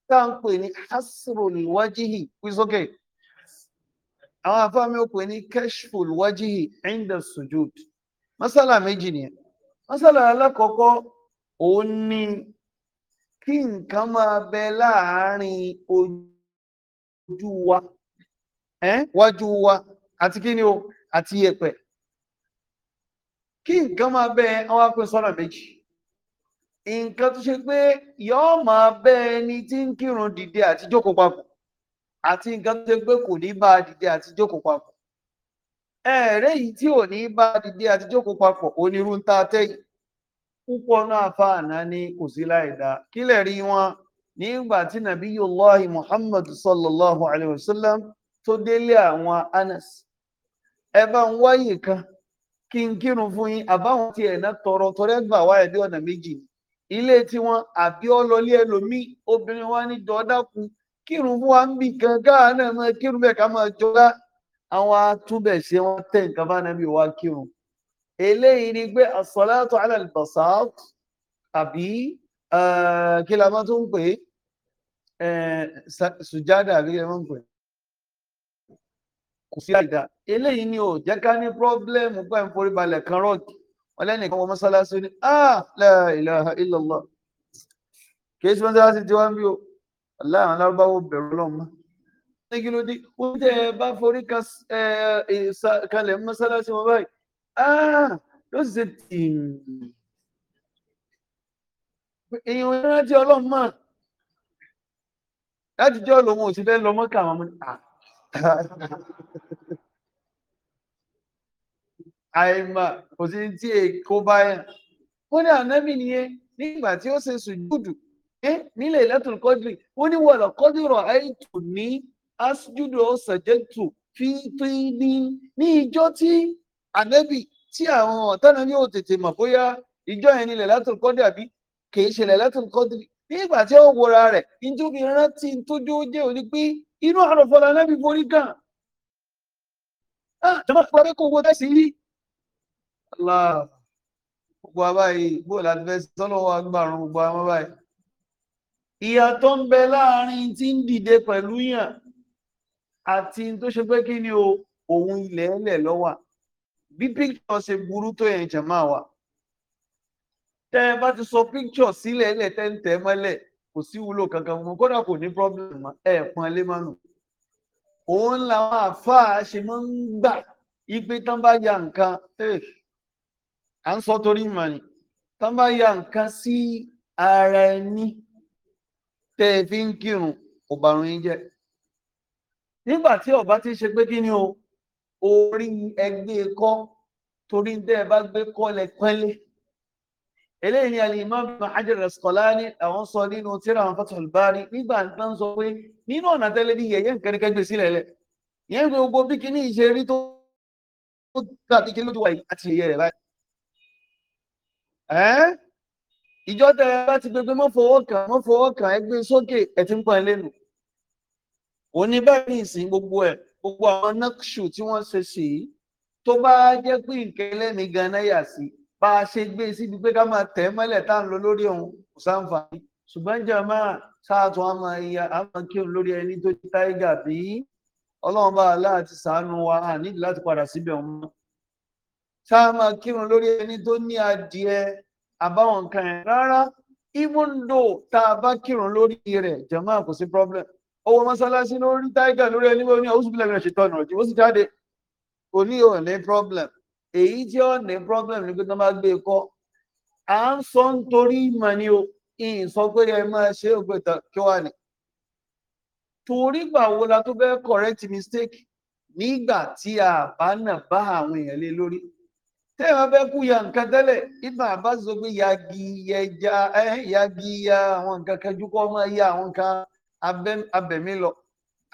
tá à ń pè ní hasrul wajihi wíṣókè àwọn afáàmì ó pè ní kashful wajihi masala méjì nìyẹn masala alákọ̀ọ́kọ́ òun ni kí nǹkan máa bẹ láàárín ojú wa wájú wa ati kí ni o àti yẹ̀pẹ̀ kí nǹkan máa bẹ àwọn akpẹ sọ́nà méjì nǹkan tó ṣe pé yọ́ọ́ máa bẹ ẹni tí ń kírun dìde àti jókòó àti kò ní bá a dìde àti jókòó papọ̀ ẹ̀ẹ́rẹ́ yìí tí ò ní bá a dìde àti jókòó papọ̀ onírú ń ta tẹ́yìn púpọ̀ náà fa àná ní kò sí rí wọn sallallahu alayhi wa sallam tó délé àwọn anas ẹ bá ń wáyè kan kí n kírun fún yín àbáwọn ti ẹ̀ náà tọrọ tọrẹ gbà wá ẹ̀ bí ọ̀nà méjì ilé tiwọn àbí ọlọlé ẹlòmíì obìnrin wa ní dọdáku kírun fún wa ń bì kan káà náà kírun bẹ́ẹ̀ ká máa jọra àwọn atúbẹ̀ ṣe wọn tẹ̀ nǹkan bá nàbí wa kírun eléyìí ni pé as-salatu àbí eh, kí la máa tún pè é eh, sùjádà àbí kí la máa ń pè é kò sí àìdá eléyìí ni ò jẹ́ ká ní pọ́blẹ́mù pẹ́ ń forí balẹ̀ kan rọ́ọ̀kì wọn lẹ́nu ìkan wọn mọ́sálásí ní ah la ilaha illallah kìí ṣe mọ́sálásí tí wọ́n ń bí o aláàrán lárúbáwò bẹ̀rù ọlọ́mọ ní kí ló dé ó tẹ ẹ bá forí kalẹ̀ mọ́sálásí wọn báyìí ah yóò sì ṣe tìǹ èèyàn ìrántí ọlọ́mọ láti jọ́ lòun ò sì fẹ́ lọ mọ́kà àwọn ọmọ ní àná. Ah, àìmọ̀ kò sí tí èkó bá yàn ó ní ànábì nìyẹn nígbà tí ó ṣe sùjúdù nílẹ̀ lẹ́tùn kọ́dìrì ó ní wọ̀lọ̀ kọ́dìrọ̀ àìtù ní asjúdù ọ̀sẹ̀jẹ̀tù fífi ní ní ìjọ tí ànábì tí àwọn ọ̀tánà ní ò tètè mọ̀ bóyá ìjọ yẹn nílẹ̀ lẹ́tùn kọ́dìrì àbí kì í ṣẹlẹ̀ lẹ́tùn kọ́dìrì nígbà tí ó wọra rẹ̀ nítorí rántí tójú ó jẹ́ òní pé inú àrọ̀fọ́ la náà fi forí Ah, án tọ́mọ̀ pàdé kò wọ́n tẹ́sí rí gbogbo àbáyé bóòlù àdìfẹ́sì tọ́lọ́wọ́ agbárùn gbogbo àwọn báyìí ìyàtọ̀ ń bẹ láàrin tí ń dìde pẹ̀lú yàn àti tó ṣe pé kí ni o òun ilẹ̀ ẹlẹ̀ lọ́wà bí píkṣọ̀ ṣe burú tó yẹn jẹ̀ máa wà tẹ́ bá ti sọ píkṣọ̀ sílẹ̀ ẹlẹ̀ tẹ́ ń tẹ́ mọ́lẹ̀ kò sí wúlò kankan fún kódà kò ní problem ẹ pọn lé mọ́nù òun làwọn àfáà ṣe máa ń gbà ipe tán bá ya nǹkan eh, à ń sọ torí mọ̀ ni tán bá ya nǹkan sí ara ẹni tẹ́ ẹ fi ń kírun ọ̀bàrún yín jẹ́ nígbà tí ọba ti ṣe pé kí ni o orí ẹgbẹ́ kọ́ torí tẹ́ ẹ bá gbé kọ́ lẹ pẹ́lẹ́ eléyìí ni alimami Hajar Asqalani àwọn sọ nínú tírà àwọn Fathul Bari nígbà tó ń sọ pé nínú ọ̀nà tẹ́lẹ̀ ní yẹ̀yẹ́ nǹkan kẹgbẹ́ sílẹ̀ lẹ̀ yẹn gbogbo bí kíní ìṣe rí tó tàbí kí ló ti wà yìí àti ìyẹ́ rẹ̀ báyìí ìjọ tẹ ẹ bá ti gbégbé mọ́ fọwọ́ kàn mọ́ fọwọ́ kàn ẹ gbé sókè ẹ ti ń pọn lẹ́nu òní bẹ́ẹ̀ ní ìsìn gbogbo ẹ̀ gbogbo àwọn nákṣù tí wọ́n ṣe sí tó bá jẹ́ pé ìkẹlẹ́ bá a ṣe gbé e síbi pé ká máa tẹ̀ mọ́lẹ̀ tá à ń lọ lórí òun kò sáǹfààní ṣùgbọ́n jẹ́ máa sáàtún àmọ́ ìyá àmọ́ kí òun lórí ẹni tó ti táìgà bí ọlọ́run bá aláàtì sàánú wa nídìí láti padà síbẹ̀ òun mọ́ sáà máa kí òun lórí ẹni tó ní adìẹ àbáwọn nǹkan ẹ̀ rárá even though tá a bá kírun lórí rẹ̀ jẹ̀mọ́ kò sí problem owó mọ́sálásí lórí táìgà lórí ẹni bó ní ọ̀húsùn bílẹ̀ rẹ̀ ṣètọ́nà ọ̀jẹ̀ ó sì jáde kò ní problem èyí tí ó ní problem ní pé tó máa gbé e kọ́ à ń sọ nítorí ìmọ̀ ni o ìyìn sọ pé ẹ máa ṣe tán kí wà ní. torí gbà wo la tó fẹ́ correct mistake nígbà tí a bá nà bá àwọn èèyàn lé lórí tẹ́ ẹ fẹ́ kú ya nǹkan tẹ́lẹ̀ ibà bá sọ pé yagi yẹja yagi ya àwọn nǹkan kẹjú kọ́ máa ya àwọn nǹkan lọ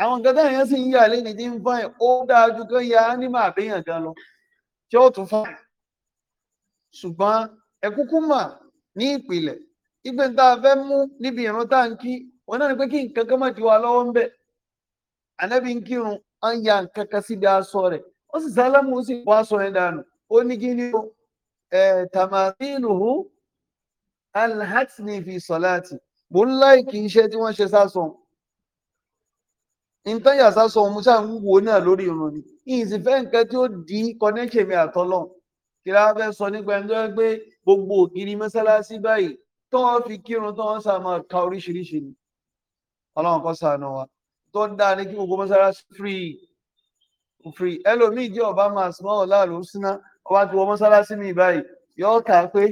àwọn nǹkan sì ń yà ó dáa ju ya lọ. tí ó tún fún ṣùgbọ́n ẹ mà ní ìpìlẹ̀ ìgbẹ́ ń tá a fẹ́ mú níbi tá kí wọn náà pé kí nǹkan kan ti wà lọ́wọ́ ń bẹ̀ ya nǹkan kan síbi aṣọ rẹ̀ ó sì sálámù ó sì wọ aṣọ yẹn dànù ó ní kí ni ó tàmátìlùhù alhatsni nǹkan yàtọ̀ sọ ohun sáà ń wúwo náà lórí irun ni ìyìn sì fẹ́ nǹkan tí ó di connection mi àtọ́lọ́n kí la fẹ́ sọ nípa ẹni tó yẹ pé gbogbo ògiri mọ́sálásí báyìí tó wọ́n fi kírun tó wọ́n sàmọ́ ka oríṣiríṣi ni ọlọ́run kọ́ sànù wa tó ń dáa ní kí gbogbo mọ́sálásí free free ẹlòmíì jẹ́ ọba máa sùn mọ́ ọ̀la ló síná ọba ti wọ mọ́sálásí mi báyìí yọ kà á pé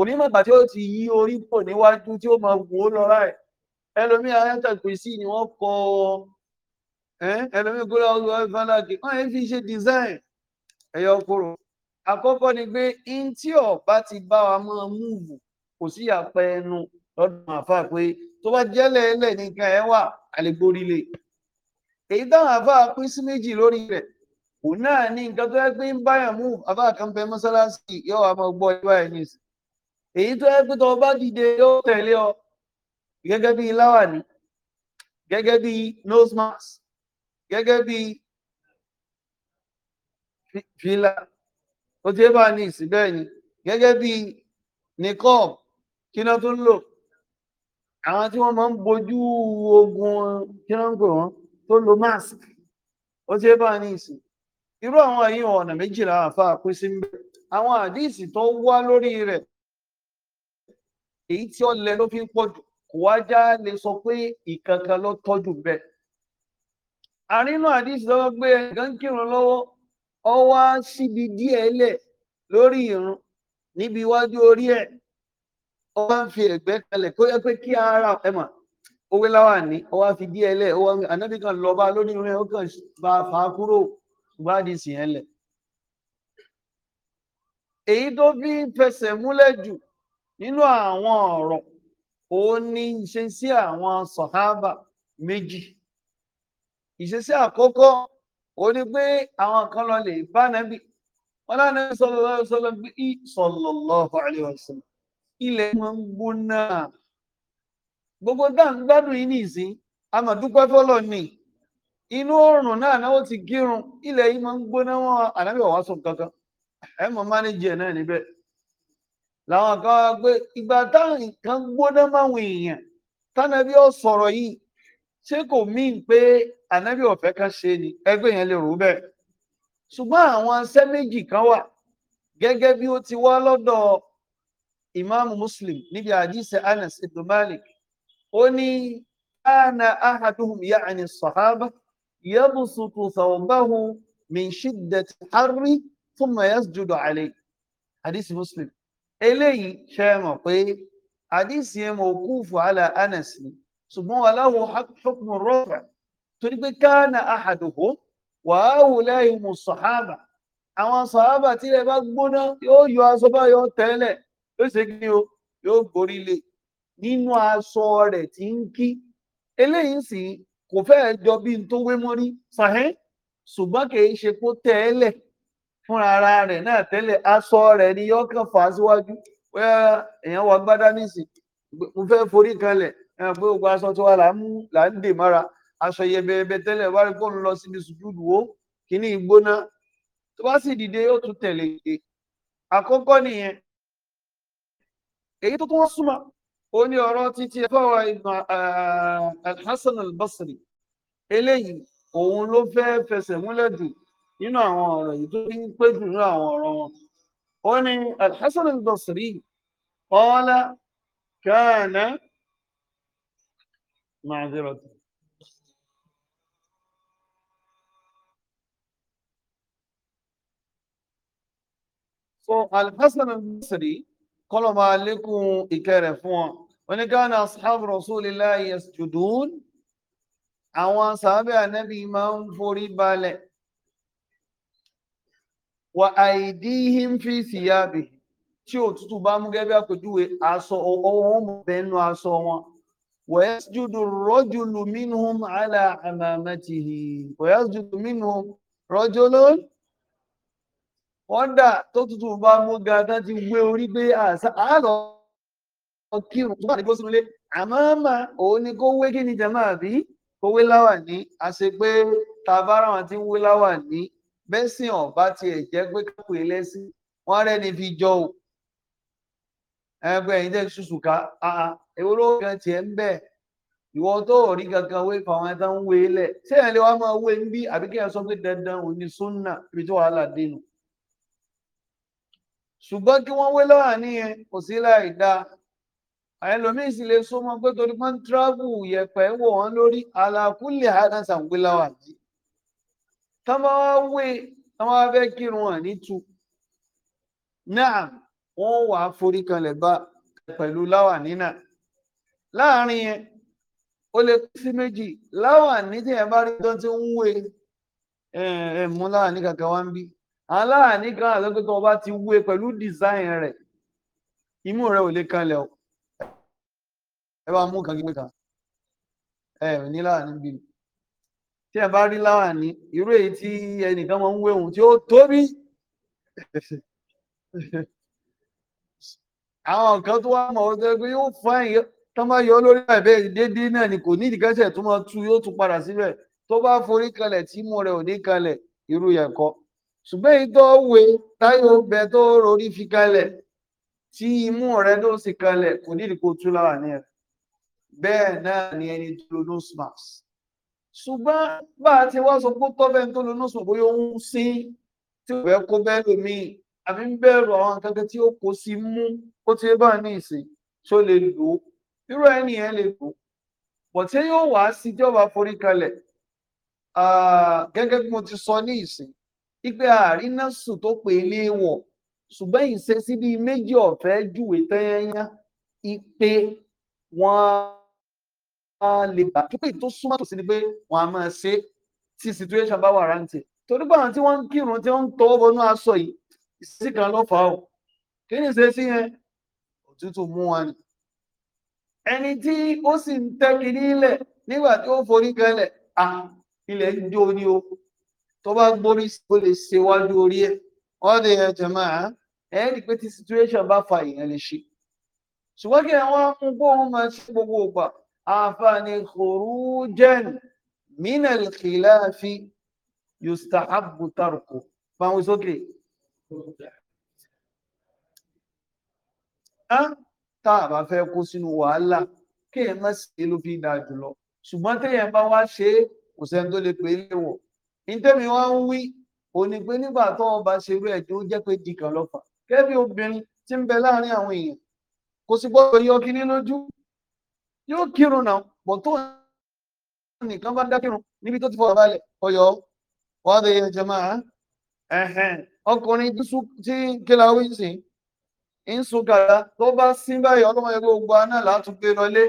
onímọ̀gbà tí ó ti yí orí pò níwájú tí ó máa wò ó lọ láì ẹlòmí ayáta kùsì ni wọn kọ ọ gbọ́dọ̀ ọgbọ́ ìfọ́nláàkì wọ́n yẹn fi ṣe design ẹ̀yọ kúrò àkọ́kọ́ ni pé in tí ti bá wa máa múùbù kò sí àpẹ ẹnu lọ́dún àfà pé tó bá jẹ́lẹ̀ ẹlẹ̀ nìkan ẹ wà àlègbórílẹ̀ èyí táwọn àfà pín sí méjì lórí rẹ̀ òun náà ní nǹkan tó yẹ pé ń báyàn mú àfà kan bẹ yóò wá máa gbọ́ èyí tó yẹ pé tó ọ gẹ́gẹ́ bí láwàní gẹ́gẹ́ bí nose mask gẹ́gẹ́ bí o ó ti bá ní ìsìn bẹ́ẹ̀ ni gẹ́gẹ́ bí nìkọ́ọ̀ kí náà tó ń lò àwọn tí wọ́n máa ń bojú ogun kí ń pè wọ́n tó lo mask ó ti bá ní ìsìn irú àwọn ẹ̀yìn ọ̀nà méjìlá àfa pín sí ń bẹ àwọn àdíìsì tó wá lórí rẹ̀ èyí tí ó lẹ ló fi ń pọ̀ jù kò wá já lè sọ pé ìkankan ló tọ́jú bẹ́ẹ̀. àrínú àdìsí lọ́wọ́ pé ẹ̀gán kírun lọ́wọ́ ọ wá síbi díẹ̀ lẹ̀ lórí irun níbi iwájú orí ẹ̀ ọ wá ń fi ẹ̀gbẹ́ kalẹ̀ kó yẹ pé kí ara ẹ̀ mà owó láwà ní ọ wá fi díẹ̀ lẹ̀ ànábì kan lọ bá lórí irun ẹ̀ ó kàn bá a fà á kúrò gbádìí yẹn lẹ̀. èyí tó fi fẹsẹ̀ múlẹ̀ jù nínú àwọn ọ̀rọ̀ ó ní ìṣesí àwọn sọ̀hábà méjì ìṣesí àkọ́kọ́ ó ní pé àwọn kan lọ lè bá nàbì wọn láti sallallahu sallallahu alaihi wasallam ilẹ̀ wọn ń gbóná gbogbo gbádùn yìí ni inú oorun náà náà ó ti ilẹ̀ yìí máa ń gbóná wọn ànábì ọ̀wá sùn kankan mọ̀ ẹ̀ náà làwọn kan wá pé ìgbà táwọn nǹkan gbóná máwọn èèyàn tánàbí ò sọ̀rọ̀ yìí ṣé kò míì pé ànábì ọ̀fẹ́ kan ṣe ni ẹgbẹ́ yẹn lè rò bẹ́ẹ̀ ṣùgbọ́n àwọn aṣẹ́ méjì kan wà gẹ́gẹ́ bí ó ti wá lọ́dọ̀ imam muslim níbi àdìsẹ́ anas ibn malik ó ní ana ahaduhum yaani sahaba yabsutu thawbahu min shiddati harri thumma yasjudu alayhi hadith muslim eléyìí ṣe mọ̀ pé àdìsí ẹ̀ mọ̀ kú fún àlà anasi ṣùgbọ́n aláwọ̀ hukmu rọ́fà torí pé káàna ahaduhu wàáwù lẹ́yìn mú sọ̀hábà àwọn sọ̀hábà tí ẹ bá gbóná yóò yọ aṣọ bá yọ tẹ́lẹ̀ yóò ṣe kí o yóò gorí lé nínú aṣọ rẹ̀ tí ń kí eléyìí sì kò fẹ́ẹ̀ jọ bí n tó wé mọ́rí ṣàhẹ́ ṣùgbọ́n kì í ṣe kó tẹ́lẹ̀ fúnra ara rẹ̀ náà tẹ́lẹ̀ aṣọ rẹ̀ ni yóò kàn fà á síwájú bóyá èèyàn wọ agbádá nísìn mo fẹ́ forí kanlẹ̀ bóyá gbogbo aṣọ tó wà là ń dè mára aṣọ yẹbẹyẹbẹ tẹ́lẹ̀ wá rí kó lọ síbi sùdúdù wo kíní ìgbóná tó bá sì dìde yóò tún tẹ̀lé e àkọ́kọ́ nìyẹn èyí tó tún wọ́n súnmọ́ ó ní ọ̀rọ̀ títí ẹ fọwọ́ Hasan al-Basri eléyìí òun ló fẹ́ fẹsẹ̀ múlẹ̀ dùn nínú àwọn ọ̀rọ̀ yìí tó ń pé jù nínú àwọn ọ̀rọ̀ wọn ó ní alhassan al-basri qala kana معذرة so alhassan al-basri kọlọ máa lékún ìkẹrẹ fún wọn wọn ní kana ashabu rasulillahi yasjudun àwọn sàábẹ ànábì máa ń forí balẹ̀ wà àìdíhìn fi síyáàbì tí òtútù bá mú gẹ́gẹ́ bí àpèjúwe aṣọ ọwọ́ wọn mú bẹ́ẹ̀nu aṣọ wọn wọ́yẹ́sìdùdù rọ́jùlù mínúhùn àlà àmàmẹ́tìhì wọ́yẹ́sìdùdù mínúhùn rọ́jùlù wọ́n dà tó tútù bá mú ga tán ti wé orí pé àlọ́ kírun tó bá dìgbò súnlé àmọ́mà òun ni kó wé kí ni jàmáà bí kó wé láwà ní àṣepé tàbára wọn ti ń wé láwà ní bẹ́sìn ọ̀ bá tiẹ̀ jẹ́ pé kápò ẹlẹ́sìn wọ́n rẹ́ni fi jọ o ẹgbẹ́ ẹ̀yin tẹ́ ṣùṣù ká èwo ló kan tiẹ̀ ń bẹ̀ ìwọ tó rí kankan wé kan àwọn ẹ̀dá ń wé lẹ̀ ṣé ẹ̀ lè wá máa wé àbí kí ẹ sọ pé dandan òun ni súnà ibi tí wàhálà dénú ṣùgbọ́n kí wọ́n wé lọ́wọ́ àníyẹn kò sí láì dáa ẹlòmíín sì lè so mọ pé torí pé ń tíráàbù yẹpẹ̀ wọ̀ wọ́n lórí àlàkùlẹ̀ àdánsà ń gbé tán bá wá wé tán bá fẹ́ kírun hàn nítu náà wọ́n wà á forí kanlẹ̀ bá pẹ̀lú láwà nínà láàrin yẹn ó lè kú sí méjì láwà ní tí yẹn bá rí tó ti ń wé ẹ mú láwà ní kankan wá ń bí àwọn ní kan àlọ́gbẹ́ tó bá ti wé pẹ̀lú design rẹ̀ imú rẹ̀ ò lè kanlẹ̀ o ẹ bá mú kan gbé kan ẹ ní láwà níbi tí ẹ bá rí láwàní irú èyí tí ẹnìkan máa ń wé òun tí ó tóbi àwọn nǹkan tó wà mọ̀ ọ́ pé yóò fún ẹ̀yìn tó máa yọ lórí àbẹ́ dédé náà ni kò ní ìdíkẹ́sẹ̀ tó máa tú yóò tún padà síbẹ̀ tó bá forí kalẹ̀ tí mú rẹ̀ ò ní kalẹ̀ irú yẹn kọ́ ṣùgbọ́n èyí tó wé táyọ̀ bẹ tó rorí fi kalẹ̀ tí imú rẹ ló sì kalẹ̀ kò ní ìdíkò tú láwàní rẹ̀ bẹ́ẹ̀ náà ni ẹni tó lo nose mask ṣùgbọ́n bá a ti wá sọ pé tọ́fẹ́ tó lọ náà sọ bóyá ó ń sí tí ò fẹ́ kó bẹ́ẹ̀ lómi àfi ń bẹ̀rù àwọn kankan tí ó kó sí mú ó ti bá ní ìsìn tó lè lò ó irú ẹni yẹn lè lò ó bọ̀ tí yóò wá sí ìjọba forí kalẹ̀ gẹ́gẹ́ bí mo ti sọ ní ìsìn ipe àrínàṣù tó pè é léèwọ̀ ṣùgbọ́n ìṣesí bíi méjì ọ̀fẹ́ júwe tẹ́yẹ́yá ipe wọn lè gbà tó pé tó súnmọ́ tòsí ni pé wọ́n á máa ṣe tí situation bá wà rántí torí pé àwọn tí wọ́n ń kírun tí wọ́n ń tọwọ́ bọnú aṣọ yìí ìṣesí kan ló fà ó kí ni ìṣesí yẹn òtútù mú wọn ni ẹni tí ó sì ń tẹ́kì nílẹ̀ nígbà tí ó forí gẹlẹ̀ à ilẹ̀ ń jó ní o tó bá gbórí ó lè ṣe wájú orí ẹ̀ wọ́n lè ẹ̀jẹ̀ máa ẹ̀ ẹ́ rí i pé tí situation bá fa ìyẹn lè ṣe ṣùgbọ́n kí ẹ̀ wọ́n mú bóun máa ṣe gbogbo ògbà àfààní khurujan minal khilafi yustahabbu tarku báwọn sókè tá a bá fẹ́ kó sínú wàhálà kí ẹ má sí ló fi dáa jùlọ ṣùgbọ́n téèyàn bá wá ṣe é kò sẹ́ni tó lè pè é léwọ̀ nítẹ̀mí wá ń wí òní pé nígbà tó ọba ṣerú ẹ̀ tó jẹ́ pé dìkan lọ́fà kẹ́bí obìnrin tí ń bẹ láàrin àwọn èèyàn kò sì gbọ́dọ̀ yọ kí ní lójú yóò kírun náà bọ̀ tó nìkan bá dá kírun níbi tó ti fọwọ́ balẹ̀ ọ̀yọ́ wàá dé ẹ̀jẹ̀ máa ọkùnrin tí kíláà wí sí ń sunkàrà tó bá sín báyìí ọlọ́mọ ẹgbẹ́ gbogbo aná látúgbé lọlé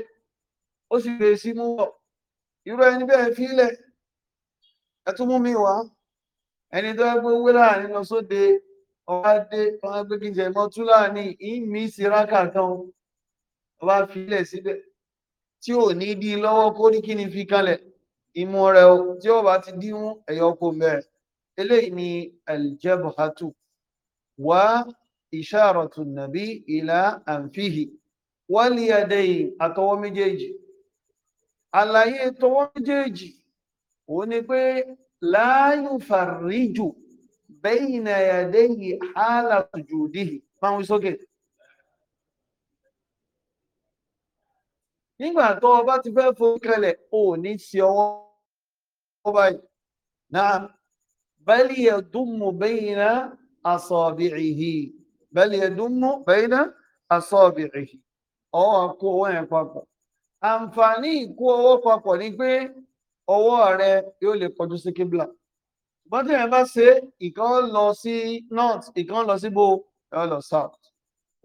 ó sì lè sí mú bọ̀ irú ẹni bẹ́ẹ̀ fílẹ̀ ẹ tún mú mi wá ẹni tó ẹgbẹ́ owó láàrin lọ sóde ọba dé ọba gbé kí n jẹ mọ́tú láàrin ìmí sí rákà kan ọba fílẹ̀ síbẹ̀ tí ò ní dí lọ́wọ́ kó ní kí ni fi kalẹ̀ ìmú rẹ̀ o tí ó bá ti dínwó ẹ̀yọ́ kò mẹ́rẹ̀ eléyìí ni aljabhatu wá ìṣàrọ̀tù nàbí ìlà àǹfíhì wálé adẹ́yìn àtọwọ́ méjèèjì àlàyé tọwọ́ méjèèjì ó ní pé láàyò fàríjù bẹ́yìn àyàdẹ́yìn hálà tùjùdíhì máa ń sókè. Okay. nígbà tó o bá ti fẹ́ fòkẹlẹ̀ o ní ṣe ọwọ́ báyìí náà bal yadummu bayna asabi'ihi bal yadummu bayna asabi'ihi ọwọ́ kó owó yẹn papọ̀ àǹfààní ìkó owó papọ̀ ni pé ọwọ́ rẹ yóò lè kọjú sí kíbla bọ́dé yẹn bá ṣe ìkan lọ sí north ìkan lọ sí bo ẹ lọ south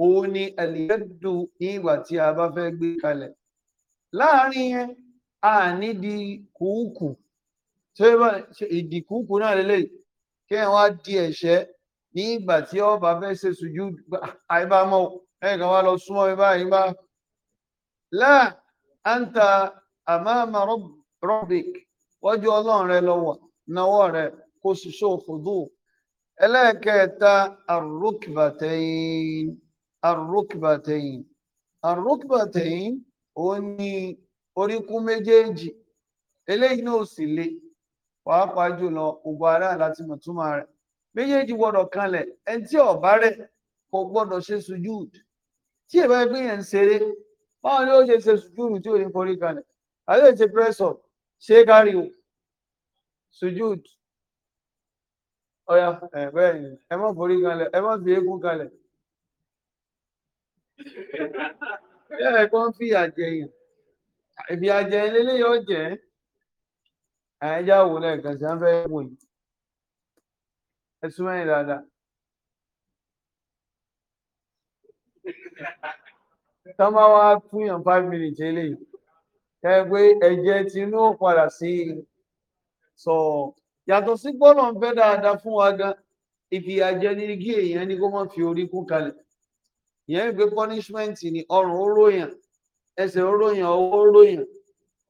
òun ni al ní ìgbà tí a bá fẹ́ gbé kalẹ̀ láàrin yẹn a ní di kùúkù tó yẹ bá ìdí kùúkù náà lélẹ̀ kí ẹ wá di ẹ̀ṣẹ́ ní ìgbà tí ọba fẹ́ ṣe sùjú àìbámọ́ ẹnìkan wá lọ súnmọ́ mi báyìí bá láà anta amama rọ́bìk wájú ọlọ́run rẹ lọ náwó rẹ kó ṣiṣẹ́ òfòdó ẹlẹ́ẹ̀kẹta arúkìbàtẹ́yìn arúkìbàtẹ́yìn arúkìbàtẹ́yìn ó ní oríkún méjèèjì eléyìí náà sì le pàápàá jùlọ gbogbo ará láti mọ̀ túmọ̀ rẹ̀ méjèèjì gbọ́dọ̀ kanlẹ̀ ẹni tí ọ̀bá rẹ̀ kò gbọ́dọ̀ ṣe sùjúùd tí ìbá ẹgbẹ́ yẹn ń ṣeré báwo ni ó ṣe ṣe sùjúùd tí ò ní forí kanlẹ̀ àti ètò pírẹ́sọ̀ ṣé kárí o bẹ́ẹ̀ kọ́ ń fi àjẹyàn ìfi àjẹyàn lélẹ́yìn ọ̀jẹ̀ ẹ̀ẹ́dá wò lẹ́ẹ̀kan sí afẹ́ wò yìí ẹ súnmọ́ yìí dáadáa. tọ́ bá wá fún yàn five minutes eléyìí ẹ pé ẹ̀jẹ̀ tinú padà sí i sọ yàtọ̀ sí gbọ́dọ̀ ń fẹ́ dáadáa fún wa gan ìfìyàjẹni kí èèyàn ní kó má fi orí kún kalẹ̀ ìyẹn ń gbé punishment ní ọrùn oróyàn ẹsẹ̀ oróyàn ọwọ́ oróyàn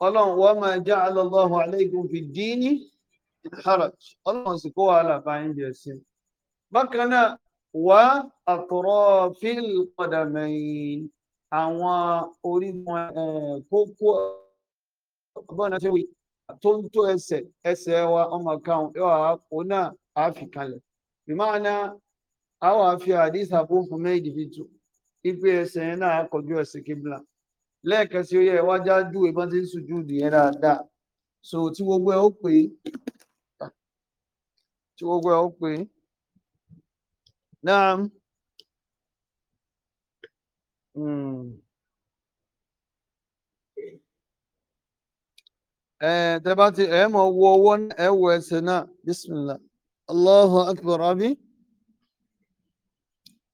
ọlọ́run wọ́n máa já alọ́lọ́hùn aleikum fi dín ní haraj ọlọ́run sì kó wàhálà bá ń jẹ sí bákan náà wá àtọ̀rọ̀ fíl qadamayn àwọn orígun kókó bọ́ọ̀nà tí wí tó ń tó ẹsẹ̀ ẹsẹ̀ wa ọmọ kan yóò àpò náà àfi kalẹ̀ ìmáàna àwọn àfi hadith Abu Humayd fi tù ipe ẹsẹ̀ na náà kọjú ẹsẹ̀ kébìlà lẹ́ẹ̀kan sí ó yẹ wájá ti ń sùjú dáadáa so tí gbogbo ẹ ó pè tí gbogbo ẹ ó pè náà hmm. ẹ tẹ bá ti ẹ mọ ẹ náà allahu akbar abi.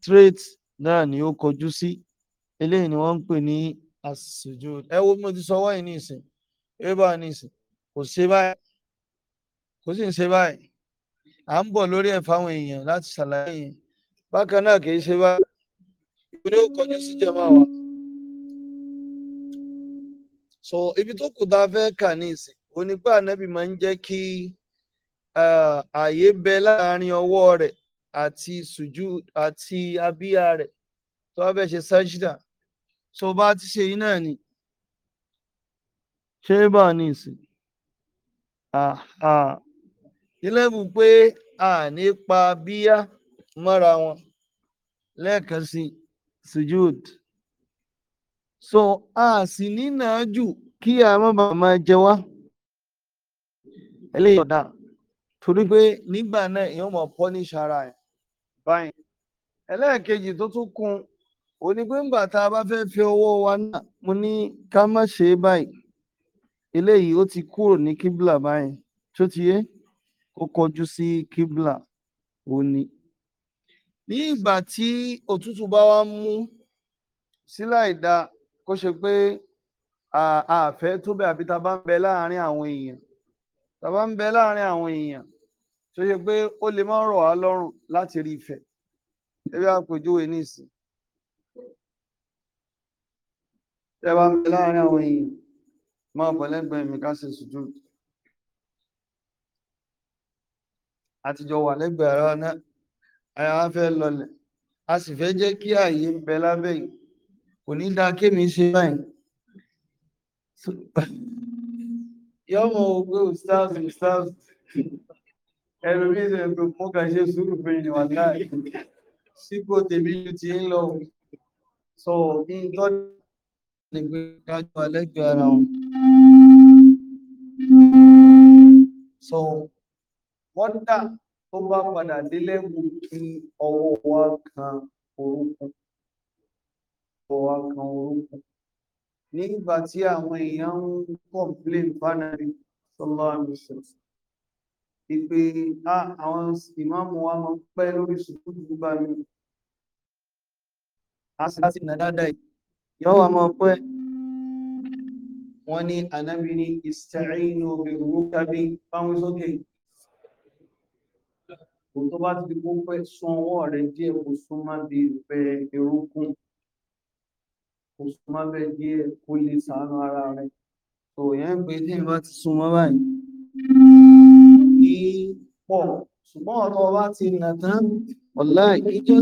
straight náà ni ó kọjú sí eléyìí ni wọ́n ń pè ní as-sujud mo ti sọ wáyé ní ìsìn ní ìsìn kò ṣe báyìí kò sì ń ṣe báyìí à ń bọ̀ lórí ẹ̀ fáwọn èèyàn láti ṣàlàyé ṣe báyìí ni ó kọjú sí jẹ̀mọ́ so ibi tó kù tá a fẹ́ kà ní ìsìn máa ń jẹ́ kí àti sùjú àti abíyá rẹ̀ tó bá fẹ́ ṣe sájídà tó bá ti ṣe yìí ni ṣé bá ní ìsìn nílẹ́bù pé a nípa bíyá mọ́ra wọn lẹ́ẹ̀kan sí sujud so a sì nínà jù kí a má bàa máa jẹ wá eléyìí ọ̀dà torí pé nígbà náà èèyàn mọ̀ pọ́ ní ẹ̀ fine ẹlẹ́ẹ̀kejì tó tún kún ó ní pé ńgbà tá a bá fẹ́ fi ọwọ́ wa náà mo ní ká má ṣe é báyìí eléyìí ó ti kúrò ní kíbla báyìí tó ti yé ó kọjú sí kíbla ó ní. ní ìgbà tí òtútù bá wá mú síláì dá kó ṣe pé àfẹ́ tó bẹ̀ àbí tá a bá ń bẹ láàárín àwọn èèyàn tá a bá ń bẹ láàárín àwọn èèyàn tó yẹ pé ó lè máa rọ̀ wá lọ́rùn láti rí ìfẹ́ ẹbí àpèjúwe nísìn tẹ bá ń bẹ láàrin àwọn èèyàn máa pẹ̀lẹ́gbẹ̀ẹ́ mi ká ṣe sùjú àtijọ́ wà lẹ́gbẹ̀ẹ́ ara náà àyà á fẹ́ lọlẹ̀ a sì fẹ́ jẹ́ kí ààyè ń bẹ lábẹ́ yìí kò ní dáa kémi ṣe báyìí yọmọ ògbé ustaz ustaz ẹlòmí ṣe pé mo kàn ṣe sùúrù fún ìrìn wà láì sípò tèmi ju ti ń lọ sọ nǹkan lè gbé kájú alẹ́gbẹ̀ẹ́ ara wọn. sọ wọ́n dà tó bá padà délé mú kí ọwọ́ wa kan orúkún ọwọ́ wa kan orúkún nígbà tí àwọn èèyàn ń kọ̀m̀plé fánàrí sọlá àmì sọ̀rọ̀ ìpè àwọn ìmáàmù wa máa pẹ́ lórí sùkúrù gbogbo mi a sì láti nà dáadáa yóò wà máa pẹ́ wọ́n ní ànábì ní ìsẹ̀rìnù òbèrú kábí fáwọn sókè kò tó bá ti kó pẹ́ sún ọwọ́ rẹ̀ díẹ̀ kò sún má bí ìpẹ́ erókún kò sún má bẹ́ẹ̀ díẹ̀ kó lè sàánú ara rẹ̀ tòyẹ́ pé tí ìbá ti sún mọ́ báyìí pọ̀ ṣùgbọ́n ọ̀rọ̀ wa ti nà tán ọ̀la ìjọ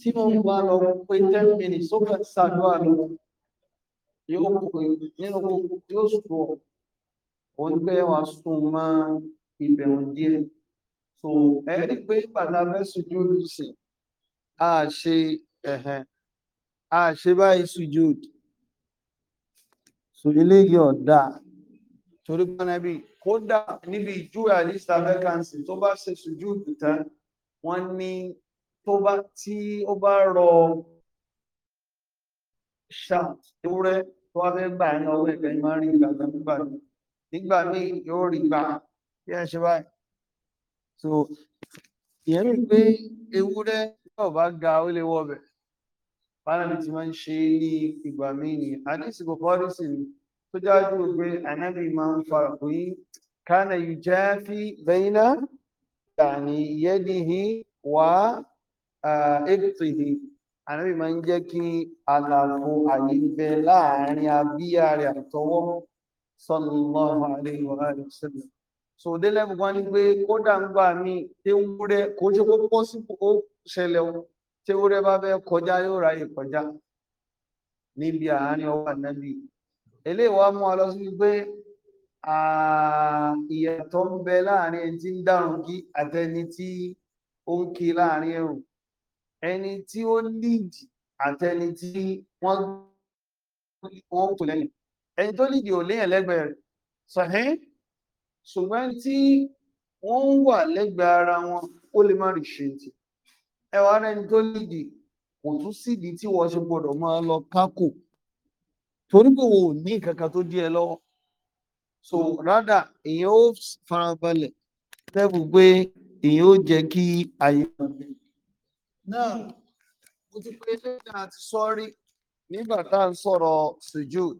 tí mo gbà lọ pé ten minutes ó fẹ́ ṣàdúrà lọ yóò pè nínú yóò sùn ọ̀ òun pé wàá sùn mọ́ ìbẹ̀rù díẹ̀ so ẹ rí i pé bàtà fẹ́ sùjúdù sí a ṣe ẹ̀hẹ̀n a ṣe báyìí sùjúdù sùjúdù lè yọ̀ dáa torí pọ́nẹ́bí kódà níbi ìjú àlìsà vacancy tó bá ṣe sùjú ìtàn wọ́n ní tó bá tí ó bá rọ ṣáàt ewúrẹ́ tó wá fẹ́ gbà ní ọwọ́ ẹgbẹ́ máa ń rí ìgbàgbà nígbà míì nígbà míì yóò rí gbà bí ẹ ṣe báyìí so ìyẹn mi pé ewúrẹ́ náà bá ga ó lè wọbẹ bára mi ti máa ń ṣe ní ìgbà míì ní àdìsí kò kọ́ ọ́ sí ni tó dájú pé ànábì máa ń fa òyí kánà yìí jẹ́ fi bẹ́yìnà tàní yẹ́dìhì wá ètìhì ànábì máa ń jẹ́ kí àlàfo àyè bẹ láàrin abíyá rẹ̀ àtọwọ́ sallallahu alaihi wa sallam so dé lẹ́bùn wá ní pé kódà ń gbà mí ewúrẹ́ kò ṣe kó pọ́ sí ó ṣẹlẹ̀ o tí bá fẹ́ kọjá yóò ráyè kọjá níbi àárín ọwọ́ ànábì eléyìí wá mú wa lọ sí pé ìyàtọ̀ ń bẹ láàrin ẹni tí ń dárun kí àtẹni tí ó ń kí láàrin ẹrù ẹni tí ó nídìí àtẹni tí wọ́n wọ́n tò lẹ́yìn ẹni tó nídìí ò léyìn lẹ́gbẹ̀ẹ́ rẹ̀ sọ̀hẹ́ ṣùgbọ́n tí wọ́n ń wà lẹ́gbẹ̀ẹ́ ara wọn ó lè má rí ṣe ẹwà rẹ̀ ẹni tó nídìí kò tún sídìí tí wọ́n ṣe gbọ́dọ̀ máa lọ kákò torí pé wo ní kankan tó díẹ̀ so rádà èyàn ó farabalẹ̀ lẹ́bù pé o ó jẹ́ kí ayé náà mo ti pé lẹ́yìn àti sọ́rí nígbà tá à ń sọ̀rọ̀ sujud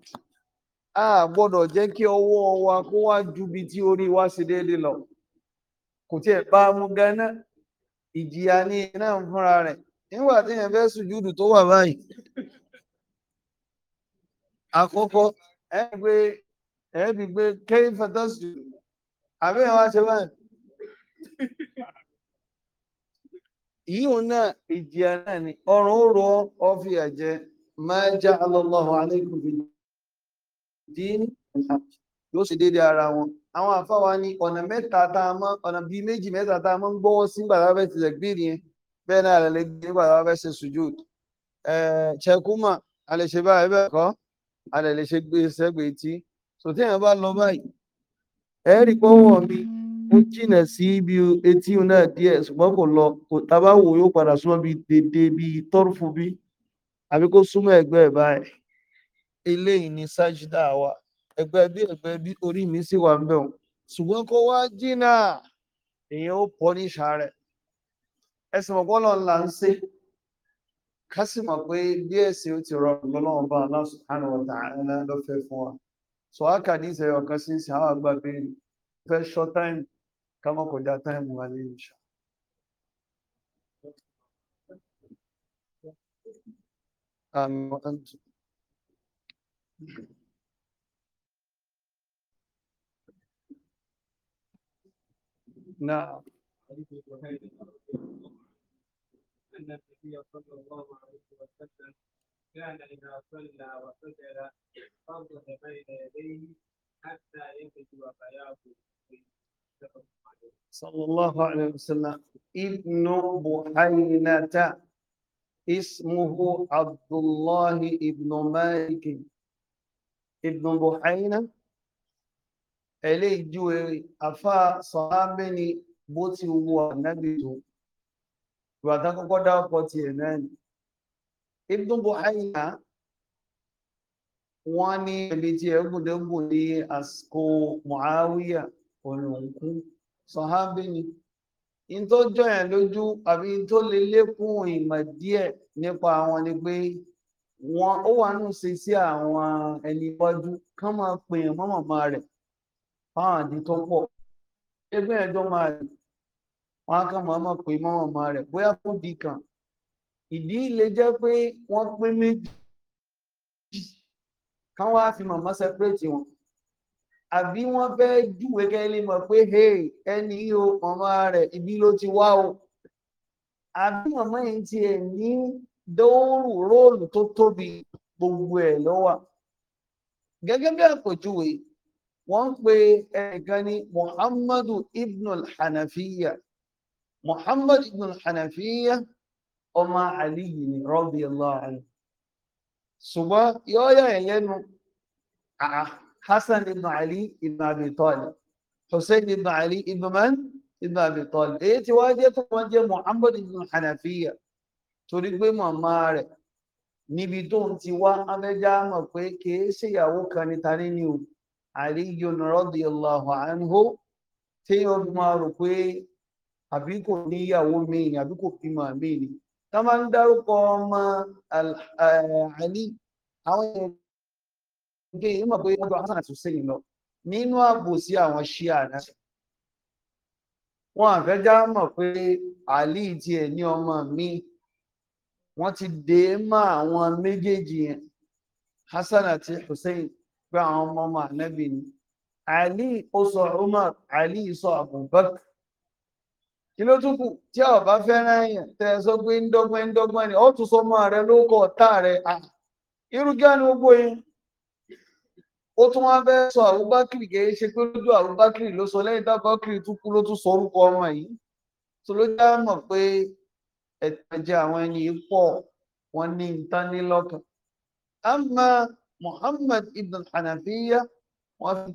a gbọ́dọ̀ jẹ́ kí ọwọ́ wa kó wá ju bi tí orí wa ṣe déédéé lọ kò tiẹ̀ bá a mú ganá ìjìyà ni náà ń fúnra rẹ̀ nígbà tí fẹ́ tó wà báyìí akụkọ egbe gbé ẹ fantasy àbí ẹ wá ṣe báyìí. yíò náà yóò ṣe ara wọn àwọn àfáwa ni ọ̀nà mẹ́ta tá a mọ̀ ọ̀nà bíi méjì mẹ́ta tá a mọ̀ ń gbọ́wọ́ sí gbàdá bẹ́ẹ̀ ti bẹ́ẹ̀ náà gbàdá bẹ́ẹ̀ ṣe ṣe báyìí bẹ́ẹ̀ kọ́. a lè lè ṣe gbé sẹ́gbẹ̀ẹ́ etí sòtẹ́ yẹn bá lọ báyìí ẹ rí pọ́wọ́ mi ó jìnà sí ibi etí náà díẹ̀ ṣùgbọ́n kò lọ kò tábà wò yóò padà súnmọ́ bíi dédé bíi tọ́rùfù bí àbí kó súnmọ́ ẹ̀gbẹ́ ẹ̀ báyìí eléyìí ni sájídà wa ẹ̀gbẹ́ bí ẹ̀gbẹ́ bí orí mi sì wà ń bẹ̀ wọ́n ṣùgbọ́n kó wá jìnà èèyàn ó pọ̀ ní ìṣà rẹ̀ ẹ̀sìn ńlá ń ṣe ká sì mọ̀ pé bí ẹ̀sìn ó ti rọrùn lọ́lọ́run bá Allah subhanahu wa ta'ala lọ́fẹ́ fún wa sọ ákà ní ìṣẹ̀yọ̀ kan sí ìṣẹ̀ àwọn àgbà pé fẹ́ ṣọ́ táìmù ká mọ̀ kọjá táìmù wa lè ṣá. Thank أن النبي صلى الله عليه وسلم كان إذا صلى وسجد فرض بين يديه حتى يجد بياضه صلى الله عليه وسلم ابن بحينة اسمه عبد الله ابن مالك ابن بحينة إليه جوي أفا صحابني بوتي هو نبي ìwà tán kau dah ọkọ̀ ti ẹ̀ náà ni Ibn Buhayya wọ́n ní ẹbí tí ẹ gùdẹ́gùn ní àsìkò Muawiya ni in tó jọyàn lójú àbí in tó lè lékún ìmọ̀ díẹ̀ nípa àwọn ni pé wọn ó wà nù sí sí àwọn ẹni iwájú kán máa pèèyàn mọ́ màmá rẹ̀ fáwọn àdí tó pọ̀ ẹgbẹ́ ẹjọ́ máa wọn á kàn mọ́ ọmọ pé mọ́ ọmọ rẹ̀ bóyá kó di kan ìdí lè jẹ́ pé wọ́n pín méjì kán wá fi mọ̀mọ́ sẹ́pẹ́rẹ́tì wọn àbí wọ́n fẹ́ júwe kẹ́lé mọ̀ pé hey ẹni yìí o mọ̀mọ́ rẹ̀ ibi ló ti wá o àbí mọ̀mọ́ yìí tiẹ̀ ní dóòrù róòlù tó tóbi gbogbo ẹ̀ lọ́wọ́ gẹ́gẹ́ bí àpèjúwe wọ́n ń pe ẹnìkan ní Muhammadu ibn al-Hanafiya Muhammad ibn Hanafiya ọmọ Ali ni radiyallahu anhu ṣùgbọ́n yóò yà ẹ̀ lẹ́nu Hassan ibn Ali ibn Abi Talib Hussein ibn Ali ibn man ibn Abi Talib èyí tí wọ́n jẹ́ tó wọ́n jẹ́ Muhammad ibn Hanafiya torí pé màmá rẹ̀ níbi tó ń ti wá abẹ́já mọ̀ pé kìí ṣèyàwó kan ní tani ni o Ali radiyallahu anhu tí wọ́n máa rò pé àbí kò níyàwó ni àbí kò bímọ míì ni tá máa Ali, dárúkọ ọmọ àní àwọn èèyàn gé yìí mọ̀ pé lọ n'inu àti Hussein lọ nínú àbòsí wọn àfẹ́já mi ti dé ma àwọn méjèèjì yẹn Hasan àwọn ọmọ ọmọ ànábì kí ló tún tí a bá fẹ́ràn èèyàn tẹ ẹ sọ pé ń dọ́gbọ́n ń dọ́gbọ́n ni ó tún sọ ọmọ rẹ ló ọ̀tá rẹ irú gíga ni gbogbo yẹn ó tún wá fẹ́ sọ àbúbákìrì kì ṣe pé lójú àbúbákìrì ló sọ lẹ́yìn Muhammad ibn Hanafiya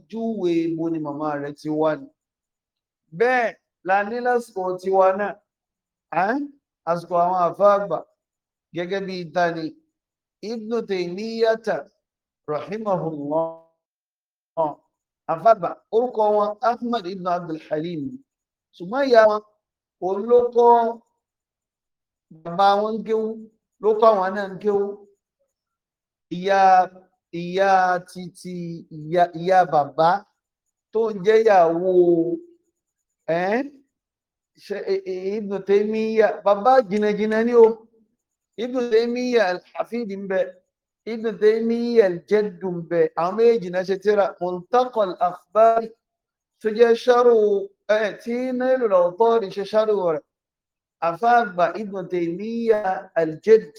fi ni màmá la ní lásìkò tiwa náà àsìkò àwọn àfáàgbà gẹ́gẹ́ bí ìtani Ibn Taymiyyata rahimahullah àfáàgbà orúkọ wọn Ahmad ibn Abdul Halim ṣùgbọ́n ìyá wọn olókọ́ bàbá wọn ń kéwú ló kọ́ àwọn náà ń kéwú ìyá ìyá títí ìyá bàbá tó ń jẹ́ E, e, Ibn Taymiyyah bàbá jìnnàjìnnà ní o Ibn Taymiyyah al-Hafid ń bẹ Ibn Taymiyyah al-Jadd ń bẹ àwọn méjì náà ṣe tíra Multaqa al-Akhbar tó jẹ́ ṣáró tí Nailul Awtar ṣe ṣáró rẹ̀ àfáàgbà Ibn Taymiyyah al-Jadd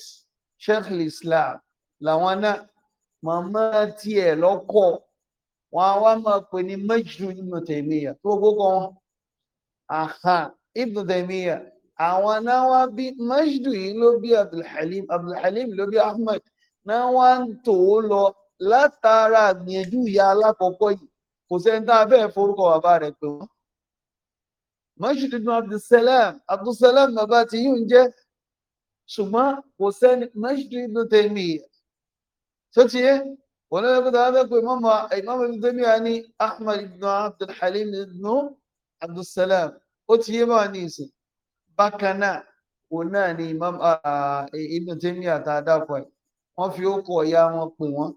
Sheikh al-Islam làwọn náà màmá tiẹ̀ lọ́kọ̀ wọn a wá máa pè ní Majd Ibn Taymiyyah tó gbogbo kan. أخا ابن تيمية أوانا وابي مجدو لوبي عبد الحليم عبد الحليم لوبي أحمد نوان تولو لا ترى نيجو يا لا كوكوي كوسين تابع فوركو أباركو مجد بن عبد السلام عبد السلام مباتي ينجي شما كوسين مجد ابن تيمية شتي وانا لقد هذا كوي ماما اي ماما ابن تيمية يعني أحمد بن عبد الحليم ابن abdulsalam ó ti yé báwa ní ìsìn bákan náà òun náà ni imam ibn taymiya tá a dápọ̀ ẹ̀ wọ́n fi ó kọ̀ ọ̀yá wọn pè wọ́n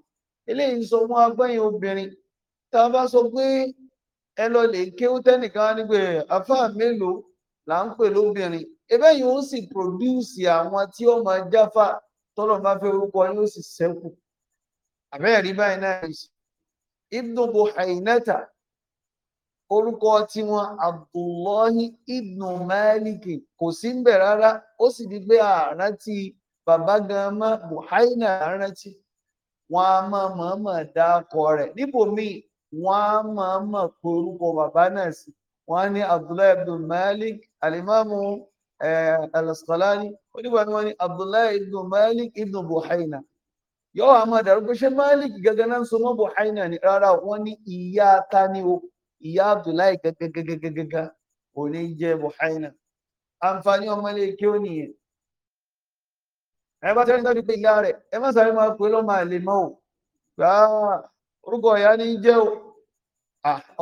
eléyìí sọ wọn agbẹ́yìn obìnrin tá a bá sọ pé ẹ lọ lè kéwú tẹ́nìkan nígbè afá mélòó là ń pè lóbìnrin ebe yìí ó sì pòdúùsì àwọn tí ó máa jáfà tọ́lọ̀ bá fẹ́ orúkọ yóò sì sẹ́kù àbẹ́ẹ̀rí báyìí náà ibn buhainata orúkọ tiwọn abdullahi ibn maliki kò sí ń bẹ̀ rárá ó sì di pé àrántí bàbá gan mọ́ buhaina àrántí wọn a mọ mọ̀ọ́mọ̀ dá ọkọ rẹ̀ níbòmíì wọn a mọ̀ọ́mọ̀ pé orúkọ bàbá náà sí wọn ní abdullahi ibn malik alimamu alasqalani onígbà ni wọn ní abdullahi ibn malik ibn buhaina yóò àmọ́ dàrú pé ṣé malik gẹ́gẹ́ ń so mọ́ buhaina ni rárá wọn ní ìyá ta ni o ìyá abdullahi gẹgẹgẹgẹgẹgẹ kò ní jẹ buhaina àǹfààní ọmọ ilé kí ó nìyẹn ẹ bá tẹ́lẹ̀ tọ́jú pé ìyá rẹ̀ ẹ má sáré máa pè lọ́mọ àlè mọ́ ò rárá orúkọ ìyá ní jẹ́ ò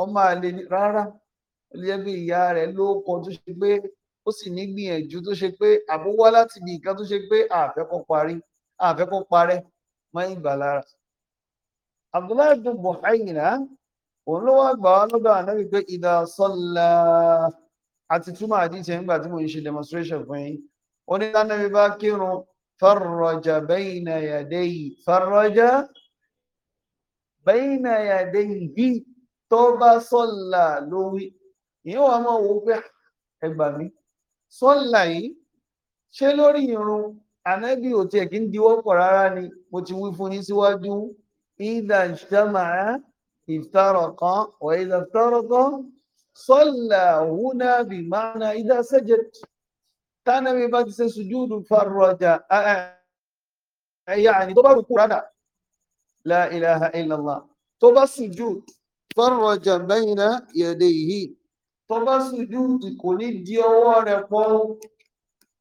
ọmọ àlè rárá ó lè jẹ́ pé ìyá rẹ̀ ló kọ tó ṣe pé ó sì ní gbìyànjú tó ṣe pé àbúwá láti ibi nǹkan tó ṣe pé àfẹ́kọ́ parí àfẹ́kọ́ parẹ́ máa ń gbà lára. Abdullahi bin Buhayna òun ló wá gbà wá lọ́dọ̀ ànábì pé ìdá sọ́lá àti túmọ̀ àdíjẹ nígbà tí mo ń ṣe demonstration fún yín ó ní lánàbí bá kírun farraja bayna yadayhi farraja bayna yadayhi tó bá sọ́lá lórí ìyẹn wà máa wò ó pé ah, ẹgbà mi sọ́lá yìí ṣé lórí irun ànábì ò tiẹ̀ kí ń diwọ́ pọ̀ rárá ni mo ti wí fún yín síwájú ìdá ìṣẹ́màá افترق وإذا افترق صلى هنا بمعنى إذا سجد كان بمعنى سجود فرج يعني طبعا القرآن لا إله إلا الله طبعا سجود فرج بين يديه طبعا سجود كل الديوان فوق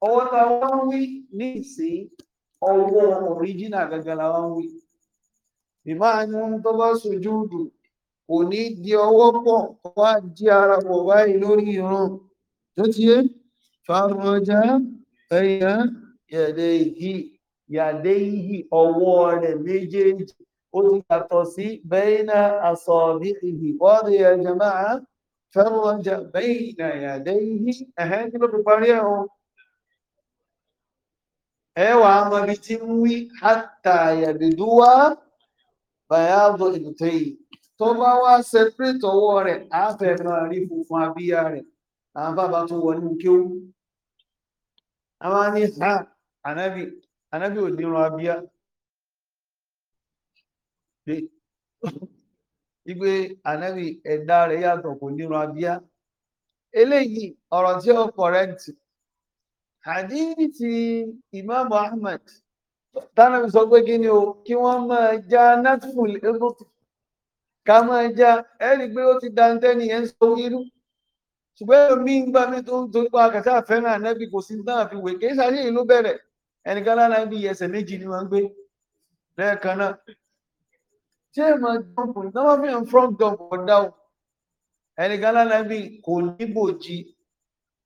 أو تواوي نسي أو أوريجينا غغلاوي ìmáàmù tó bá sojúdù kò ní di ọwọ́ pọ̀ wá di ara pọ̀ báyìí lórí ìran tó ti yé fàrọjà ẹ̀yà yàdé yìí yàdé yìí ọwọ́ rẹ̀ méjèèjì ó ti yàtọ̀ sí bẹ́ẹ̀nà àsọ̀bí ìhì wọ́ọ̀dì ẹ̀jẹ̀ máa fẹ́rọjà bẹ́ẹ̀nà yàdé yìí ẹ̀hẹ́n kí ló fi parí ẹ̀ o ẹ wàá mọbi tí ń wí hátà yàdùdú wá. bayado ìlútẹ́yì tó bá wá separate ọwọ́ rẹ̀ àáfẹ́ máa rí funfun abíyá rẹ̀ àwọn bàbá tó wọ ní kéwú ní ha ànábì ànábì ò ní ran abíyá wípé ànábì ẹ̀dá rẹ̀ yàtọ̀ kò ní ran abíyá eléyìí ọ̀rọ̀ tí ó correct hadithi imam tánàbí sọ pé kí ni o kí wọ́n máa já natful ebótù ká máa já ẹ̀rí pé ó ti dáńtẹ́ nìyẹn ń sọ irú ṣùgbọ́n ẹlòmíì ń gbà mí tó ń torí pa àkàtà fẹ́ràn ànábì kò sí náà fi wèé kéésà sí ìlú bẹ̀rẹ̀ ẹnìkan lára ibi ẹsẹ̀ méjì ni wọ́n ń gbé lẹ́ẹ̀kan náà ṣé ẹ máa dọ́ǹpù ní wọ́n fi ń front dọ́ǹpù ọ̀dà o ẹnìkan lára ibi kò níbòjì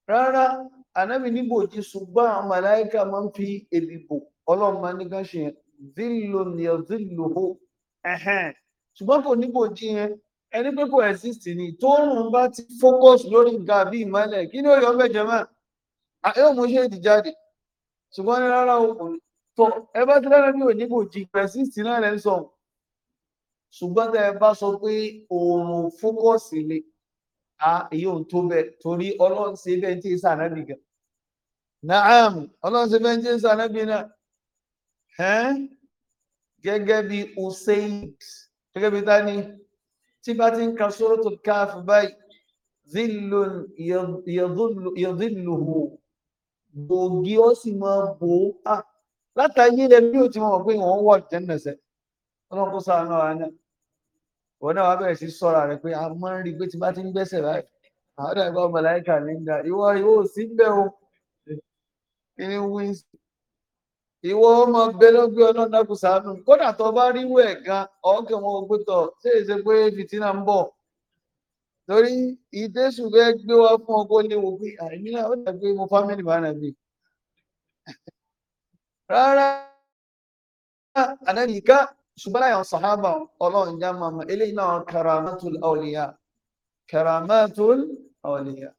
rárá ànábì níbòjì ṣùgbọ́n àwọn màláìka máa ń fi èbìbò ọlọ́run máa ní gánṣe yẹn zílò ní zílò hó ṣùgbọ́n kò ní kò jí yẹn ẹni pé kò exist ni bá ti focus lórí nǹkan àbí ìmọ̀lẹ̀ kí ni ṣe ṣùgbọ́n ní rárá tó ẹ bá ti lẹ́nu bí ò ní kò jí kò exist náà lẹ́ sọ ṣùgbọ́n tẹ́ ẹ bá sọ pé òòrùn focus gẹ́gẹ́ bí usaid gẹ́gẹ́ bí tani tí bá ti ń ka sóròtò káàfù báyìí zillun yadhilluhu gbòógì ó sì máa bò ó látàyé rẹ bí ó ti mọ̀ pé wọ́n wọ̀ jẹ́nẹ̀sẹ̀ ọlọ́run kó sáà náà náà wọ́n náà wàá bẹ̀rẹ̀ sí sọ́ra rẹ̀ pé a máa ń rí i pé tí bá ti ń gbẹ́sẹ̀ báyìí àwọn àgbà ọmọ láìka nígbà ìwọ ìwọ ò sí bẹ́ẹ̀ o kí ni wíńsì ìwọ ọmọ bẹlọgbẹ ọlọ́nà kò sànù kódà tó bá ríwọ ẹ̀ gan ọ̀ọ́kẹ́ wọn gbé tọ̀ ṣé èsè pé fìtínà ń bọ̀ torí ìdésù bẹ́ẹ̀ gbé wá fún ọkọ léwu pé àìní náà ó dàgbé mo fámìlì bá nà bí rárá ànáyíká ṣùgbọ́n láyọ̀ sàhábà ọlọ́run já máa mọ eléyìí náà karamatul awliya karamatul awliya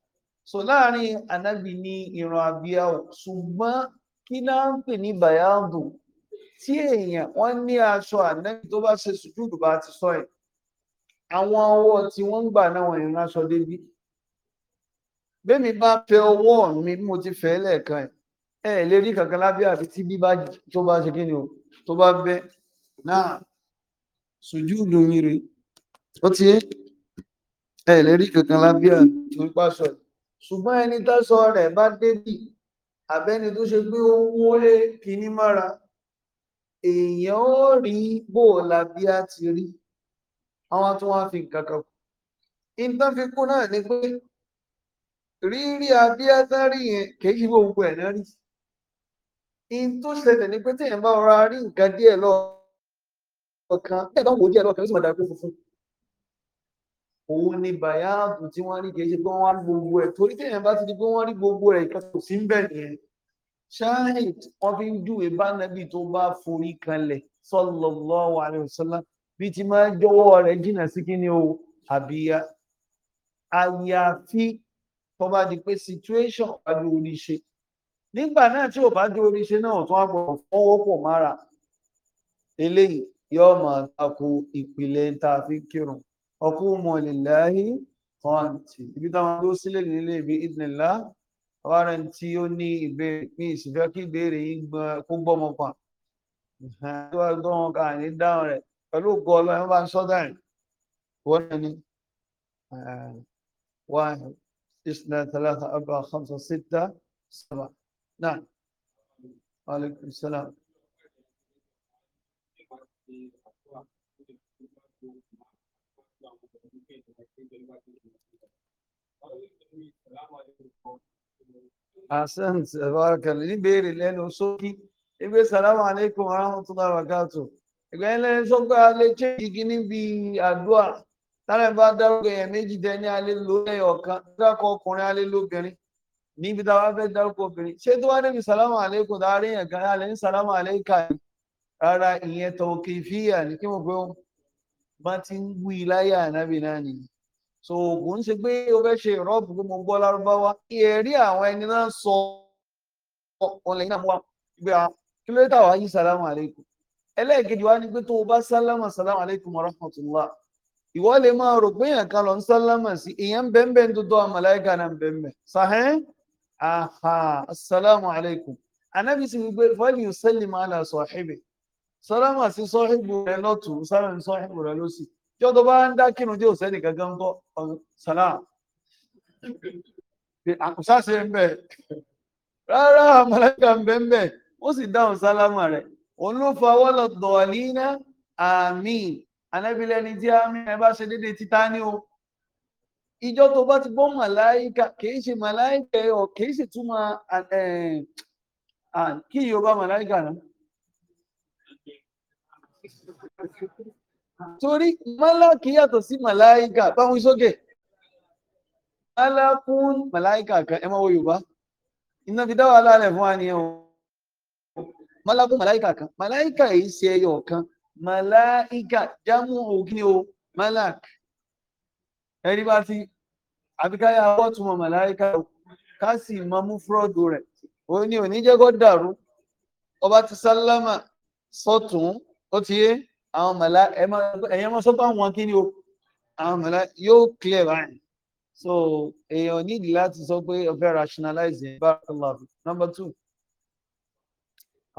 so láàrin ànábì ní ìran àbíyáwó ṣùgbọ́n kí náà ń pè ní bayáàbù tí èèyàn wọ́n ní aṣọ ànẹ́bí tó bá ṣe sùjúdù bá ti sọ ẹ̀ àwọn ọwọ́ tí wọ́n ń gbà náà wọ́n yẹn aṣọ débí bẹ́ẹ̀ni bá fẹ́ ọwọ́ mi mo ti fẹ́ lẹ́ẹ̀kan ẹ̀ ẹ̀ lè rí kankan lábẹ́ àfi tí bí tó bá ṣe kí ni o tó bá bẹ́ náà sùjúdù mi rè ó ti ẹ́ ẹ̀ lè rí kankan lábẹ́ àfi tó bá sọ ẹ̀ ṣùgbọ́n ẹni tá sọ rẹ̀ bá débí àbẹ́ni tó ṣe pé ó wọlé kíní mọ́ra èèyàn ó rí bóòlà bí a ti rí àwọn tó wá fi nǹkan kan kù nǹkan fi kú náà ni pé rírí abíátá rí yẹn kìí ṣe gbogbo ẹ̀ náà rí in tó ṣẹlẹ̀ ni pé téèyàn bá rọra rí nǹkan díẹ̀ lọ́ọ̀kan téèyàn bá wò díẹ̀ lọ́ọ̀kan ó sì máa dàgbé funfun òun ni bayáàbù tí wọ́n rí kìí ṣe pé wọ́n rí gbogbo ẹ̀ torí tẹ̀yìn bá ti di pé wọ́n rí gbogbo ẹ̀ kò sí ń nìyẹn ṣáàhìn wọ́n fi ń júwèé bá tó bá forí kanlẹ̀ sallallahu alaihi wasallam bí ti máa jọwọ́ rẹ̀ jìnnà sí kí ni o àbíyá àyàfi tó bá di pé situation bá di oríṣe nígbà náà tí ò bá di oríṣe náà tó wá gbọ́dọ̀ fọwọ́ pọ̀ mára eléyìí yóò máa tako ìpìlẹ̀ tá a fi kírun ọkùnmọ̀ lèláhí kọ́ǹtì ibi táwọn tó sílẹ̀ nílé ibi ìdínlá àwárẹ̀ tí ó ní ìbéèrè ní ìsìnfẹ́ kí ìbéèrè yìí kó gbọ́mọ pa tó wá gbọ́mọ ká ní dáhùn rẹ̀ pẹ̀lú ògo ọlọ́run bá ń sọ́dà rẹ̀ wọ́n náà ni واحد اثنين ثلاثة أربعة خمسة ستة سبعة نعم وعليكم السلام Ahsant barakallahu ní béèrè lẹ́nu sókí ẹgbẹ́ salamu aleykum warahmatullahi wabarakatuh ẹgbẹ́ ilẹ̀ sọ́gbà alẹ́ ṣé igi níbi àdúrà tára bá dárúkọ èèyàn méjì dẹ ní alẹ́ ló lẹ́yìn ọ̀kan dákọ ọkùnrin alẹ́ lóbìnrin níbi tá a bá fẹ́ dárúkọ obìnrin ṣé tó wá débi salamu aleykum tá a rí yàn kan alẹ́ ní salamu aleykum rárá ìyẹn tọ̀ọ̀kì fíyà ní kí mo gbé wọn bá ti ń wí láyà ànábì náà nìyí so ògùn ń ṣe pé o fẹ́ ṣe ìrọ́bù pé mo gbọ́ lárúbáwá ẹ̀rí àwọn ẹni náà sọ ọ̀lẹ́ náà wà gbé wa ah, kí ló dé tàwa yí sàlámù àlékún ẹlẹ́ẹ̀kejì wa ni pé tó o bá sálámà sàlámù àlékún wa rahmatullah ìwọ lè máa rò pé èèyàn kan lọ ń sálámà sí èèyàn bẹ́ẹ̀nbẹ́ẹ̀ tó tọ́ àmàláìka náà bẹ́ẹ̀nbẹ́ẹ̀ sàhẹ́n àhà sàlámù àlékún anábìsí gbé fọ́ọ̀lì yóò sẹ́lì máa là sọ̀hìbì sọlámà sí sọ́hìbù rẹ lọ́tùn sálàmù sọ́hìbù rẹ lọ́sì jọ́ tó bá ń dá kírun tí ò sẹ́ni gangan kọ́ sálàmù àkùsáṣe ń bẹ̀ rárá àmàlẹ́kà ń bẹ̀ ń bẹ̀ ó sì dáhùn sálámà rẹ̀ òun ló fa wọ́lọ̀ dọ̀ọ̀lìnà àmín anábìlẹ́ni tí àmín ẹ bá ṣe déédéé títà ní o ìjọ tó bá ti gbọ́ màláìka kìí ṣe màláìka ọ̀ kìí ṣe túmọ̀ kí yorùbá màláìka náà torí mọ́láàkì yàtọ̀ sí màláìkà báwọn sókè alákún màláìkà kan ẹ máa wo yorùbá iná fi fún ni mọ́láàkún màláìkà kan màláìkà yìí ṣe ẹyọ kan màláìkà jámù o mọ́láàk ẹni bá ti àbíkáyà wọ́túnmọ̀ màláìkà ká sì mọ mú fúrọ́dù rẹ̀ ó ní òní jẹ́gọ́ dàrú àwọn mọ̀lá ẹ̀yẹ́ mọ́ sọ́kọ́ àwọn kí ni o àwọn mọ̀lá yóò clear báyìí so èèyàn nídìí láti sọ pé ọ̀fẹ́ rationalize yẹn bá a lọ number two.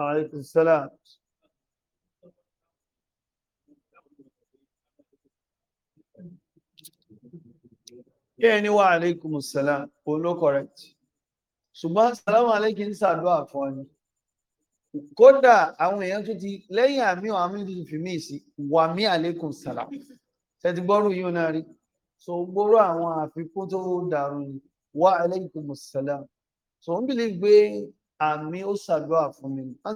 aleykum salaam. kí ẹni wá aleykum salaam òun ló correct ṣùgbọ́n salaam aleykum ṣàdúrà fún ọ ni kódà àwọn èèyàn tún ti lẹ́yìn àmì àwọn àmì tuntun fi mí sí wàmí àlékún sàlà tẹ́tí gbọ́rù yìí náà rí so gbọ́rọ̀ àwọn àfikún tó dàrú ni wà àlékún sàlà so ń bìlí gbé àmì ó ṣàdúrà fún mi wọ́n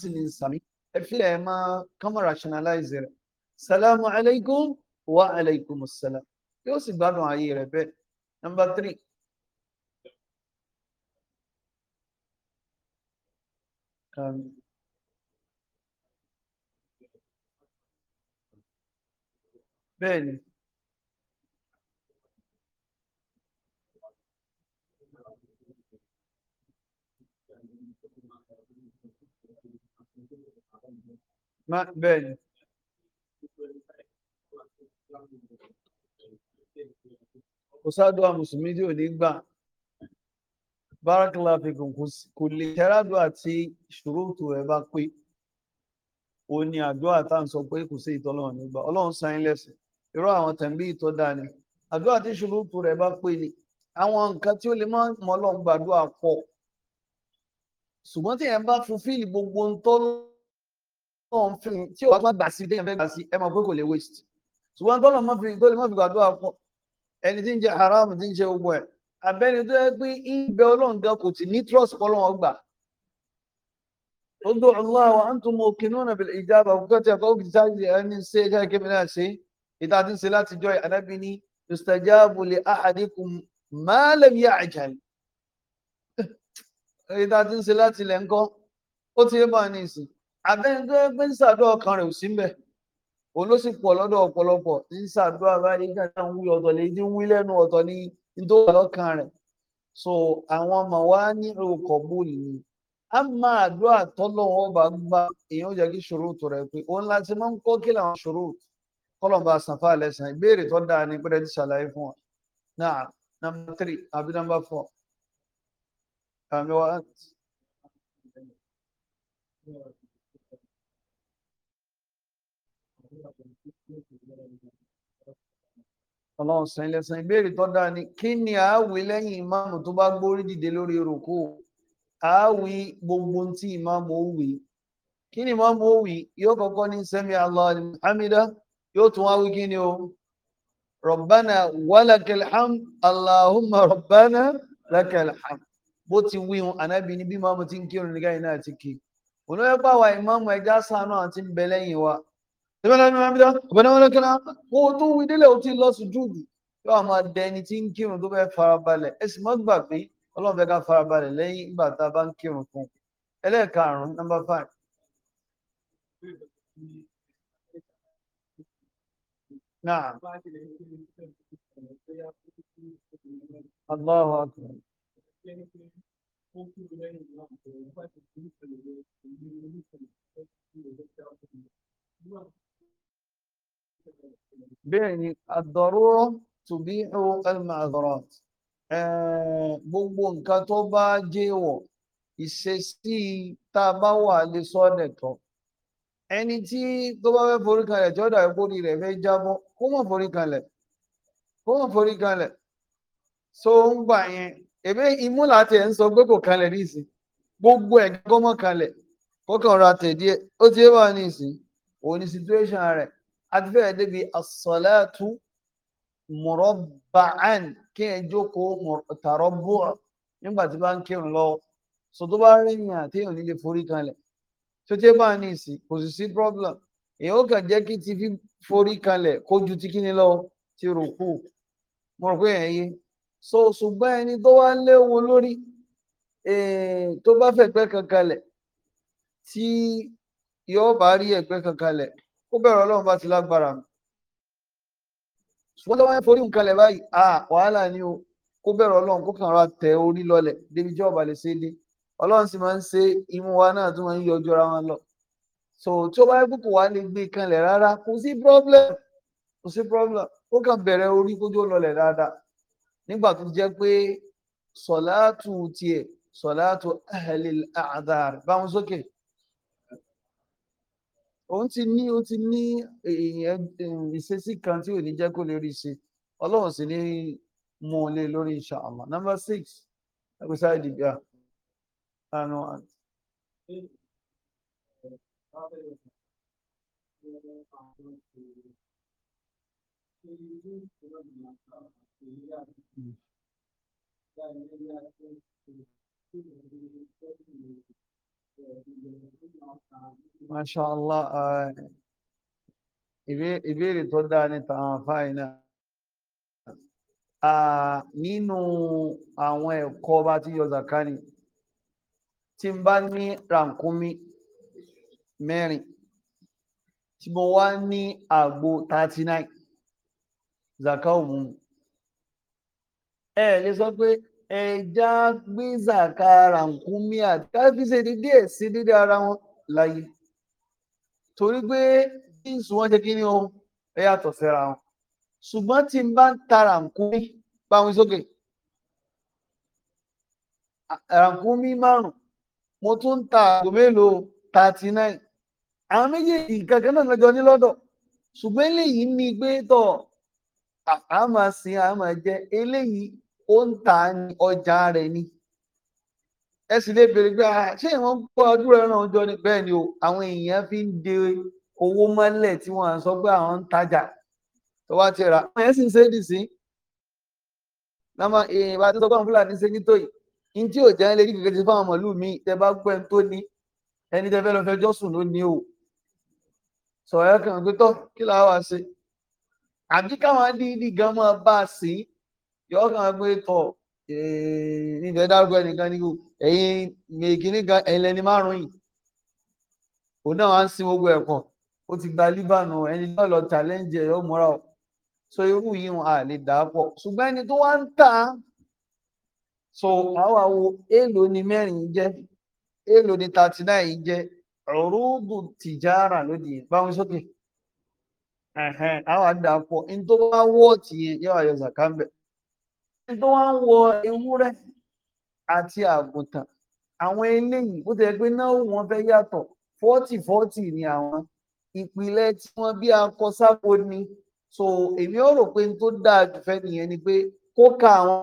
sì ní sàmì ẹ fi ẹ̀ máa kọ́mọ̀ rationalize rẹ̀ sàlámù àlékún wà àlékún sàlà yóò sì gbádùn ayé rẹ̀ bẹ́ẹ̀ number three. Americano. Bem. Ma, bene. Kò sáà dùn àwọn mùsùlùmí tí bárakìlá fikùn kò lè ṣẹ́ràdù àti ṣòrótò ẹ̀ bá pé o ní àdúrà tá à ń sọ pé kò sí ìtọ́lọ́run nígbà ọlọ́run san yín lẹ́sìn irú àwọn tẹ̀m̀bí ìtọ́ dáa ni àdúrà tí ṣòrótò rẹ̀ bá pé ni àwọn nǹkan tí ó lè má mọ ọlọ́run gbàdúrà pọ̀ ṣùgbọ́n tí èèyàn bá fulfill gbogbo ń tọ́ lọ́wọ́n fún tí òwò bá gbà sí déyàn fẹ́ gbà sí ẹ mọ̀ pé kò lè waste ṣùgbọ́n tọ́lọ̀ mọ́ fi tó lè mọ́ fi gbàdúrà pọ̀ ẹni tí ń jẹ haram tí ń jẹ gbogbo ẹ̀ abẹ́ni tó yẹ pé ibẹ̀ ọlọ́run gan kò tí ní trust fọlọ́run gbà ó dùn Allah wa antum muqinuna bil ijaba òkúkọ́ tí ẹ̀kọ́ òkúta ẹni ṣe ẹjọ́ ìkébí náà ṣe ìta ti ń ṣe láti jọ ànábì ní yustajabu li ahadikum ma lam ya'jal ìta ti ń ṣe láti ilẹ̀ ńkọ́ ó ti bá ní ìsìn abẹ́ni tó yẹ pé ń ṣàdúrà ọkàn rẹ̀ ò sí mbẹ̀ òun ló sì pọ̀ lọ́dọ̀ ọ̀pọ̀lọpọ̀ ń ṣàdúrà nítorí ọ̀rọ̀ kan rẹ̀ so àwọn ọmọ wa ní orúkọ̀ bóòlù ni a máa àdúrà tọ́lọ́wọ́ bá gba èèyàn jẹ́ kí ṣòro tó rẹ̀ pé òun láti máa ń kọ́ kí làwọn ṣòro kọ́lọ̀ bá sànfà lẹ́sàn ìbéèrè tó dáa ní pẹ́rẹ́ ti ṣàlàyé fún wa náà number three àbí number four. Àmì wa Thank you ọlọ́run sàn lẹ́sàn ìbéèrè tó dáa ni kí ni àáwí lẹ́yìn ìmáàmù tó bá gbórí dìde lórí rògbò àáwí gbogbo tí ìmáàmù ó wí kí ni ìmáàmù ó wí yóò kọ́kọ́ ní sẹ́mi Allahu liman hamida yóò tún wá wí kí ni o rabbana walakal hamd Allahumma rabbana lakal hamd bó ti wí hun ànábì ní bí ìmáàmù ti ń kírun nígbà yìí náà ti kí òun ló yẹ pàwọ́ ìmáàmù ẹja sànú àti ń bẹ lẹ́yìn wa wọ́n tó wí délẹ̀ ó ti lọ sùjúdù yóò máa dẹni tí ń kírun tó fẹ́ farabalẹ̀ ẹ sì má gbà pé ọlọ́run fẹ́ ká farabalẹ̀ lẹ́yìn ìgbà tá a bá ń kírun fún un ẹlẹ́ẹ̀karùn-ún number five. Náà. Allahu akbar. Thank you bẹ́ẹ̀ الضرورة ad المعذرات tubihu al-ma'dhurat gbogbo nǹkan tó bá jẹ́ wọ̀ ìṣesí tá a bá wà lè sọ ọ́ nẹ̀tọ́ ẹni tí tó bá fẹ́ forí kanlẹ̀ tí ó dàbí kó rí rẹ̀ fẹ́ jábọ́ kó mọ̀ forí kanlẹ̀ kó mọ̀ forí kanlẹ̀ so ń gbà yẹn èmi imú láti ẹ̀ ń sọ pé kò kanlẹ̀ ní ìsìn gbogbo ẹ̀ kó mọ̀ kanlẹ̀ kó kàn ra tẹ̀ ó ti yé wà ní ìsìn òun ni situation rẹ̀ àti fẹ́ẹ̀ débi as-salatu murabba'an kí ẹ jókòó tarabbu' nígbà tí bá ń kírun lọ so tó bá rí yàn téèyàn nílé forí kanlẹ̀ tó tẹ́ bá ní ìsìn kò sì sí problem èyí ó kàn jẹ́ kí ti fi forí kanlẹ̀ kó ju ti kíni lọ ti rò kù mo rò pé ẹ̀yẹ so ṣùgbọ́n ẹni tó wá léwu lórí eh, tó bá fẹ̀gbẹ́ kankanlẹ̀ tí yóò bá rí ẹ̀gbẹ́ kankanlẹ̀ kó bẹ̀rẹ̀ ọlọ́run bá ti lágbára ṣùgbọ́n tó wáyé forí nǹkan lẹ̀ báyìí à wàhálà ni o kó bẹ̀rẹ̀ ọlọ́run kó kàn ra tẹ orí lọlẹ̀ débi jẹ́ ọ̀bà lè ṣe dé ọlọ́run sì máa ń ṣe imú wa náà tó máa ń yọjú ara wọn lọ so tí ó bá yẹ púpọ̀ wá lè gbé e kanlẹ̀ rárá kò sí problem kò sí problem ó kàn bẹ̀rẹ̀ orí kójú lọlẹ̀ dáadáa nígbà tó jẹ́ pé sọ̀láàtù tiẹ̀ sọ̀láàtù ahlil a'dhar báwọn sókè. Okay òun ti ní ó ti ní eh, eh, ìṣesí kan tí ò ní jẹ́ kó lè rí ṣe ọlọ́run sì ní mú un lé lórí inshallah number six ẹgbẹ́ sáré dìbò à àánú àti. Thank you. Mashallah ìbéèrè tó dáa ní tàwọn àfáì náà nínú àwọn ẹ̀kọ́ bá ti yọ zakani tí n bá ní rànkúnmí mẹ́rin tí mo wá ní àgbo 39 zaka ò mú ẹ lè sọ pé ẹja gbé zaka rànkúnmí àti káfíṣe dídí ẹ̀ sí dídí ara wọn láyé torí pé jíǹsì wọn ṣe kí o ẹ yàtọ̀ síra wọn ṣùgbọ́n tí n bá ń ta rànkúmí báwọn sókè rànkúmí márùn mo tún ń ta àgọ́ mélòó thirty nine àwọn méjèèjì nǹkan kan náà lọ́jọ́ ní lọ́dọ̀ ṣùgbọ́n eléyìí ní gbé tọ̀ àmà sí àmà jẹ eléyìí ó ń ta ọjà rẹ̀ ni ẹ sì lè béèrè pé ah, ṣé ìwọ̀n gbọ́ ọdún rẹ̀ náà jọ ni bẹ́ẹ̀ ni o àwọn èèyàn fi ń de owó mọ́lẹ̀ tí wọ́n à sọ pé àwọn ń tajà tó wá ti rà àwọn èèyàn sì ń ṣe é dì sí. lọ́mọ èèyàn bá tó sọ pé àwọn fúlàní ṣe ní tòyí ní tí ò jẹ́ ń lé ní kékeré fáwọn mọ̀lú mi tẹ bá gbẹ́ ń tó ní ẹni tẹ fẹ́ lọ fẹjọ́ sùn ló ní o sọ̀rọ̀ ẹ̀ kàn pé tọ́ kí làá wá ṣe àbí káwọn dídí gan máa bá a sí yọ̀ọ́ kàn pé tọ̀ ìfẹ́ ẹ̀yin mẹ̀gínní ga ẹ̀lẹ́ni márùn yìí òun náà wá ń sin gbogbo ẹ̀kọ́ O ti gba líbànú ẹni náà lọ challenge ẹ̀ yóò múra ọ̀ so irú yìí wọn à lè dà á pọ̀ ṣùgbọ́n ẹni tó wá ń tà á so àwa wo èèlò ni mẹ́rin jẹ́ èèlò ni thirty nine jẹ́ ọ̀rùbù tìjára lóde báwọn sókè àwa dà á pọ̀ ní tó wá wọ́ọ̀tì yẹn yóò àyọ̀ zàkàmbẹ̀ ní tó wá wọ ewúrẹ́ àti àgùntàn àwọn eléyìí bó tẹ pé náà wọn fẹ́ yàtọ̀ fọ́tì fọ́tì ni àwọn ìpìlẹ̀ tí wọ́n bí akọ sáfo ni so èmi ò rò pé n tó dáa jù fẹ́ nìyẹn ni pé kó ka àwọn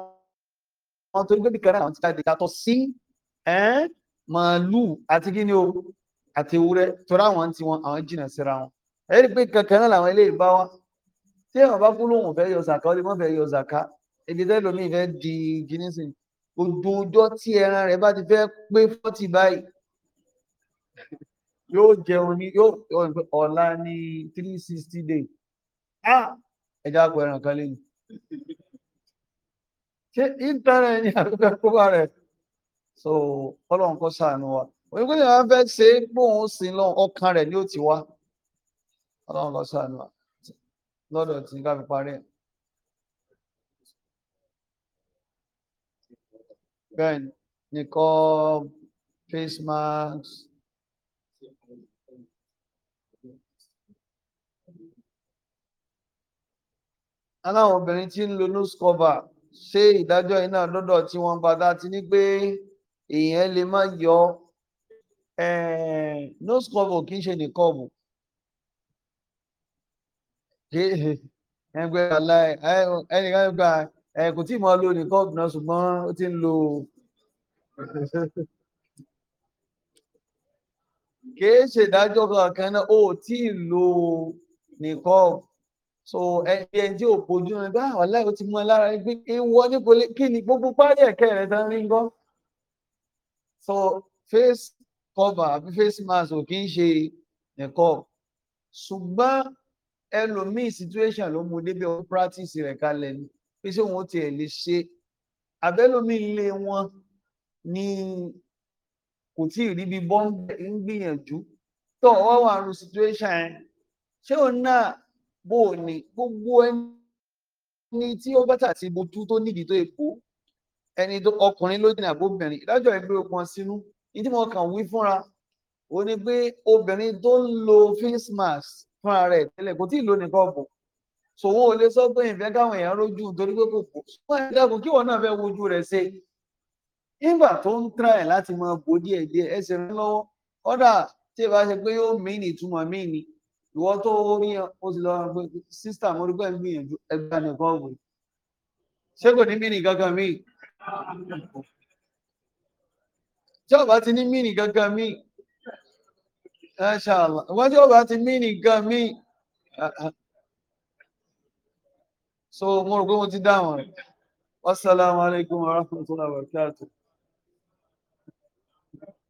àwọn tó ń gbé nìkan náà àwọn ti jáde yàtọ̀ sí màálùú àti kí ni o àti ewúrẹ́ torí àwọn tí wọn àwọn jìnnà síra wọn ẹ rí i pé kankan náà làwọn eléyìí bá wá tí èèyàn bá kú lóhùn fẹ́ yọ zàká ó lè má fẹ́ yọ zàká èdè tẹ́lómi fẹ́ di gínísìn gbogbo ọjọ́ tí ẹran rẹ̀ bá ti fẹ́ pé fọ́tì báyìí yóò jẹun ní yóò ọ̀la ní three sixty day ah ẹja kọ ẹran kan lẹ́yìn ṣé ìtara ẹni àkókò kóbá rẹ̀ so Ọlọ́run kó ṣàánú wa òyìnbó ni fẹ́ ṣe é gbóhùn sí lọ ọkàn rẹ̀ ni ó ti wá Ọlọ́run kó ṣàánú wa lọ́dọ̀ tí ká fi parí ẹ̀. bẹ́ẹ̀ ni nìkan face mask. aláwọn obìnrin tí ń lo nose cover ṣé ìdájọ́ iná lọ́dọ̀ tí wọ́n padà ti ní pé èèyàn lè má yọ eh, nose cover kì í ṣe nìkan bù ẹnìkan gba ẹ kò tí ì mọ lo nìkan ọ̀gbìn ṣùgbọ́n ó ti ń lo kìí ṣe ìdájọ́ kankan náà ó tí ì lo nìkan so ẹni ẹni tí ò bójú rẹ bá wà láì ó ti mú ẹ lára ẹgbẹ́ ìwọ ní kò kí ni gbogbo parí ẹ̀kẹ́ rẹ tán rí ń gọ́ so face cover àbí face mask ò kí ń ṣe nìkan ṣùgbọ́n ẹlòmíì situation ló mú débi ó practice rẹ̀ kalẹ̀ ni pé ṣé wọn tiẹ̀ lè ṣe abẹ́lómi ilé wọn ni kò tí ì ríbi bọ́ ń gbìyànjú tó ọwọ́ wà rú situation ẹ̀ ṣé òun náà bò ní gbogbo ẹni tí ó bá tàti bojú tó nídìí tó èpo ẹni ọkùnrin ló dènà àbóbìnrin ìdájọ́ ìgbé okun sínú ní tí mo kàn wí fúnra ó ní pé obìnrin tó ń lo face mask fúnra rẹ̀ tẹ́lẹ̀ kò tí ì lo nìkan ọ̀bùn sòwò ò lè sọ pé ìfẹ́ káwọn èèyàn rójú torí pé kò kò wọ́n ẹ̀ dàgbò kí wọ́n náà fẹ́ wojú rẹ̀ ṣe nígbà tó ń tra ẹ̀ láti máa bò díẹ̀ díẹ̀ ẹ ṣe rán lọ́wọ́ kọ́dà tí ẹ bá ṣe pé yóò mí ní ìtumọ̀ mí ni ìwọ tó rí o ti lọ pé sísítà mo rí pé ń gbìyànjú ẹgbẹ́ nìkan ọ̀gbìn ṣé kò ní mí ní kankan mí tí ọba ti ní mí ní kankan mí ẹ ṣàlà wọ́n tí ọba ti mí ní kankan mí. سو مرغوم جدا قدامنا والسلام عليكم ورحمه الله وبركاته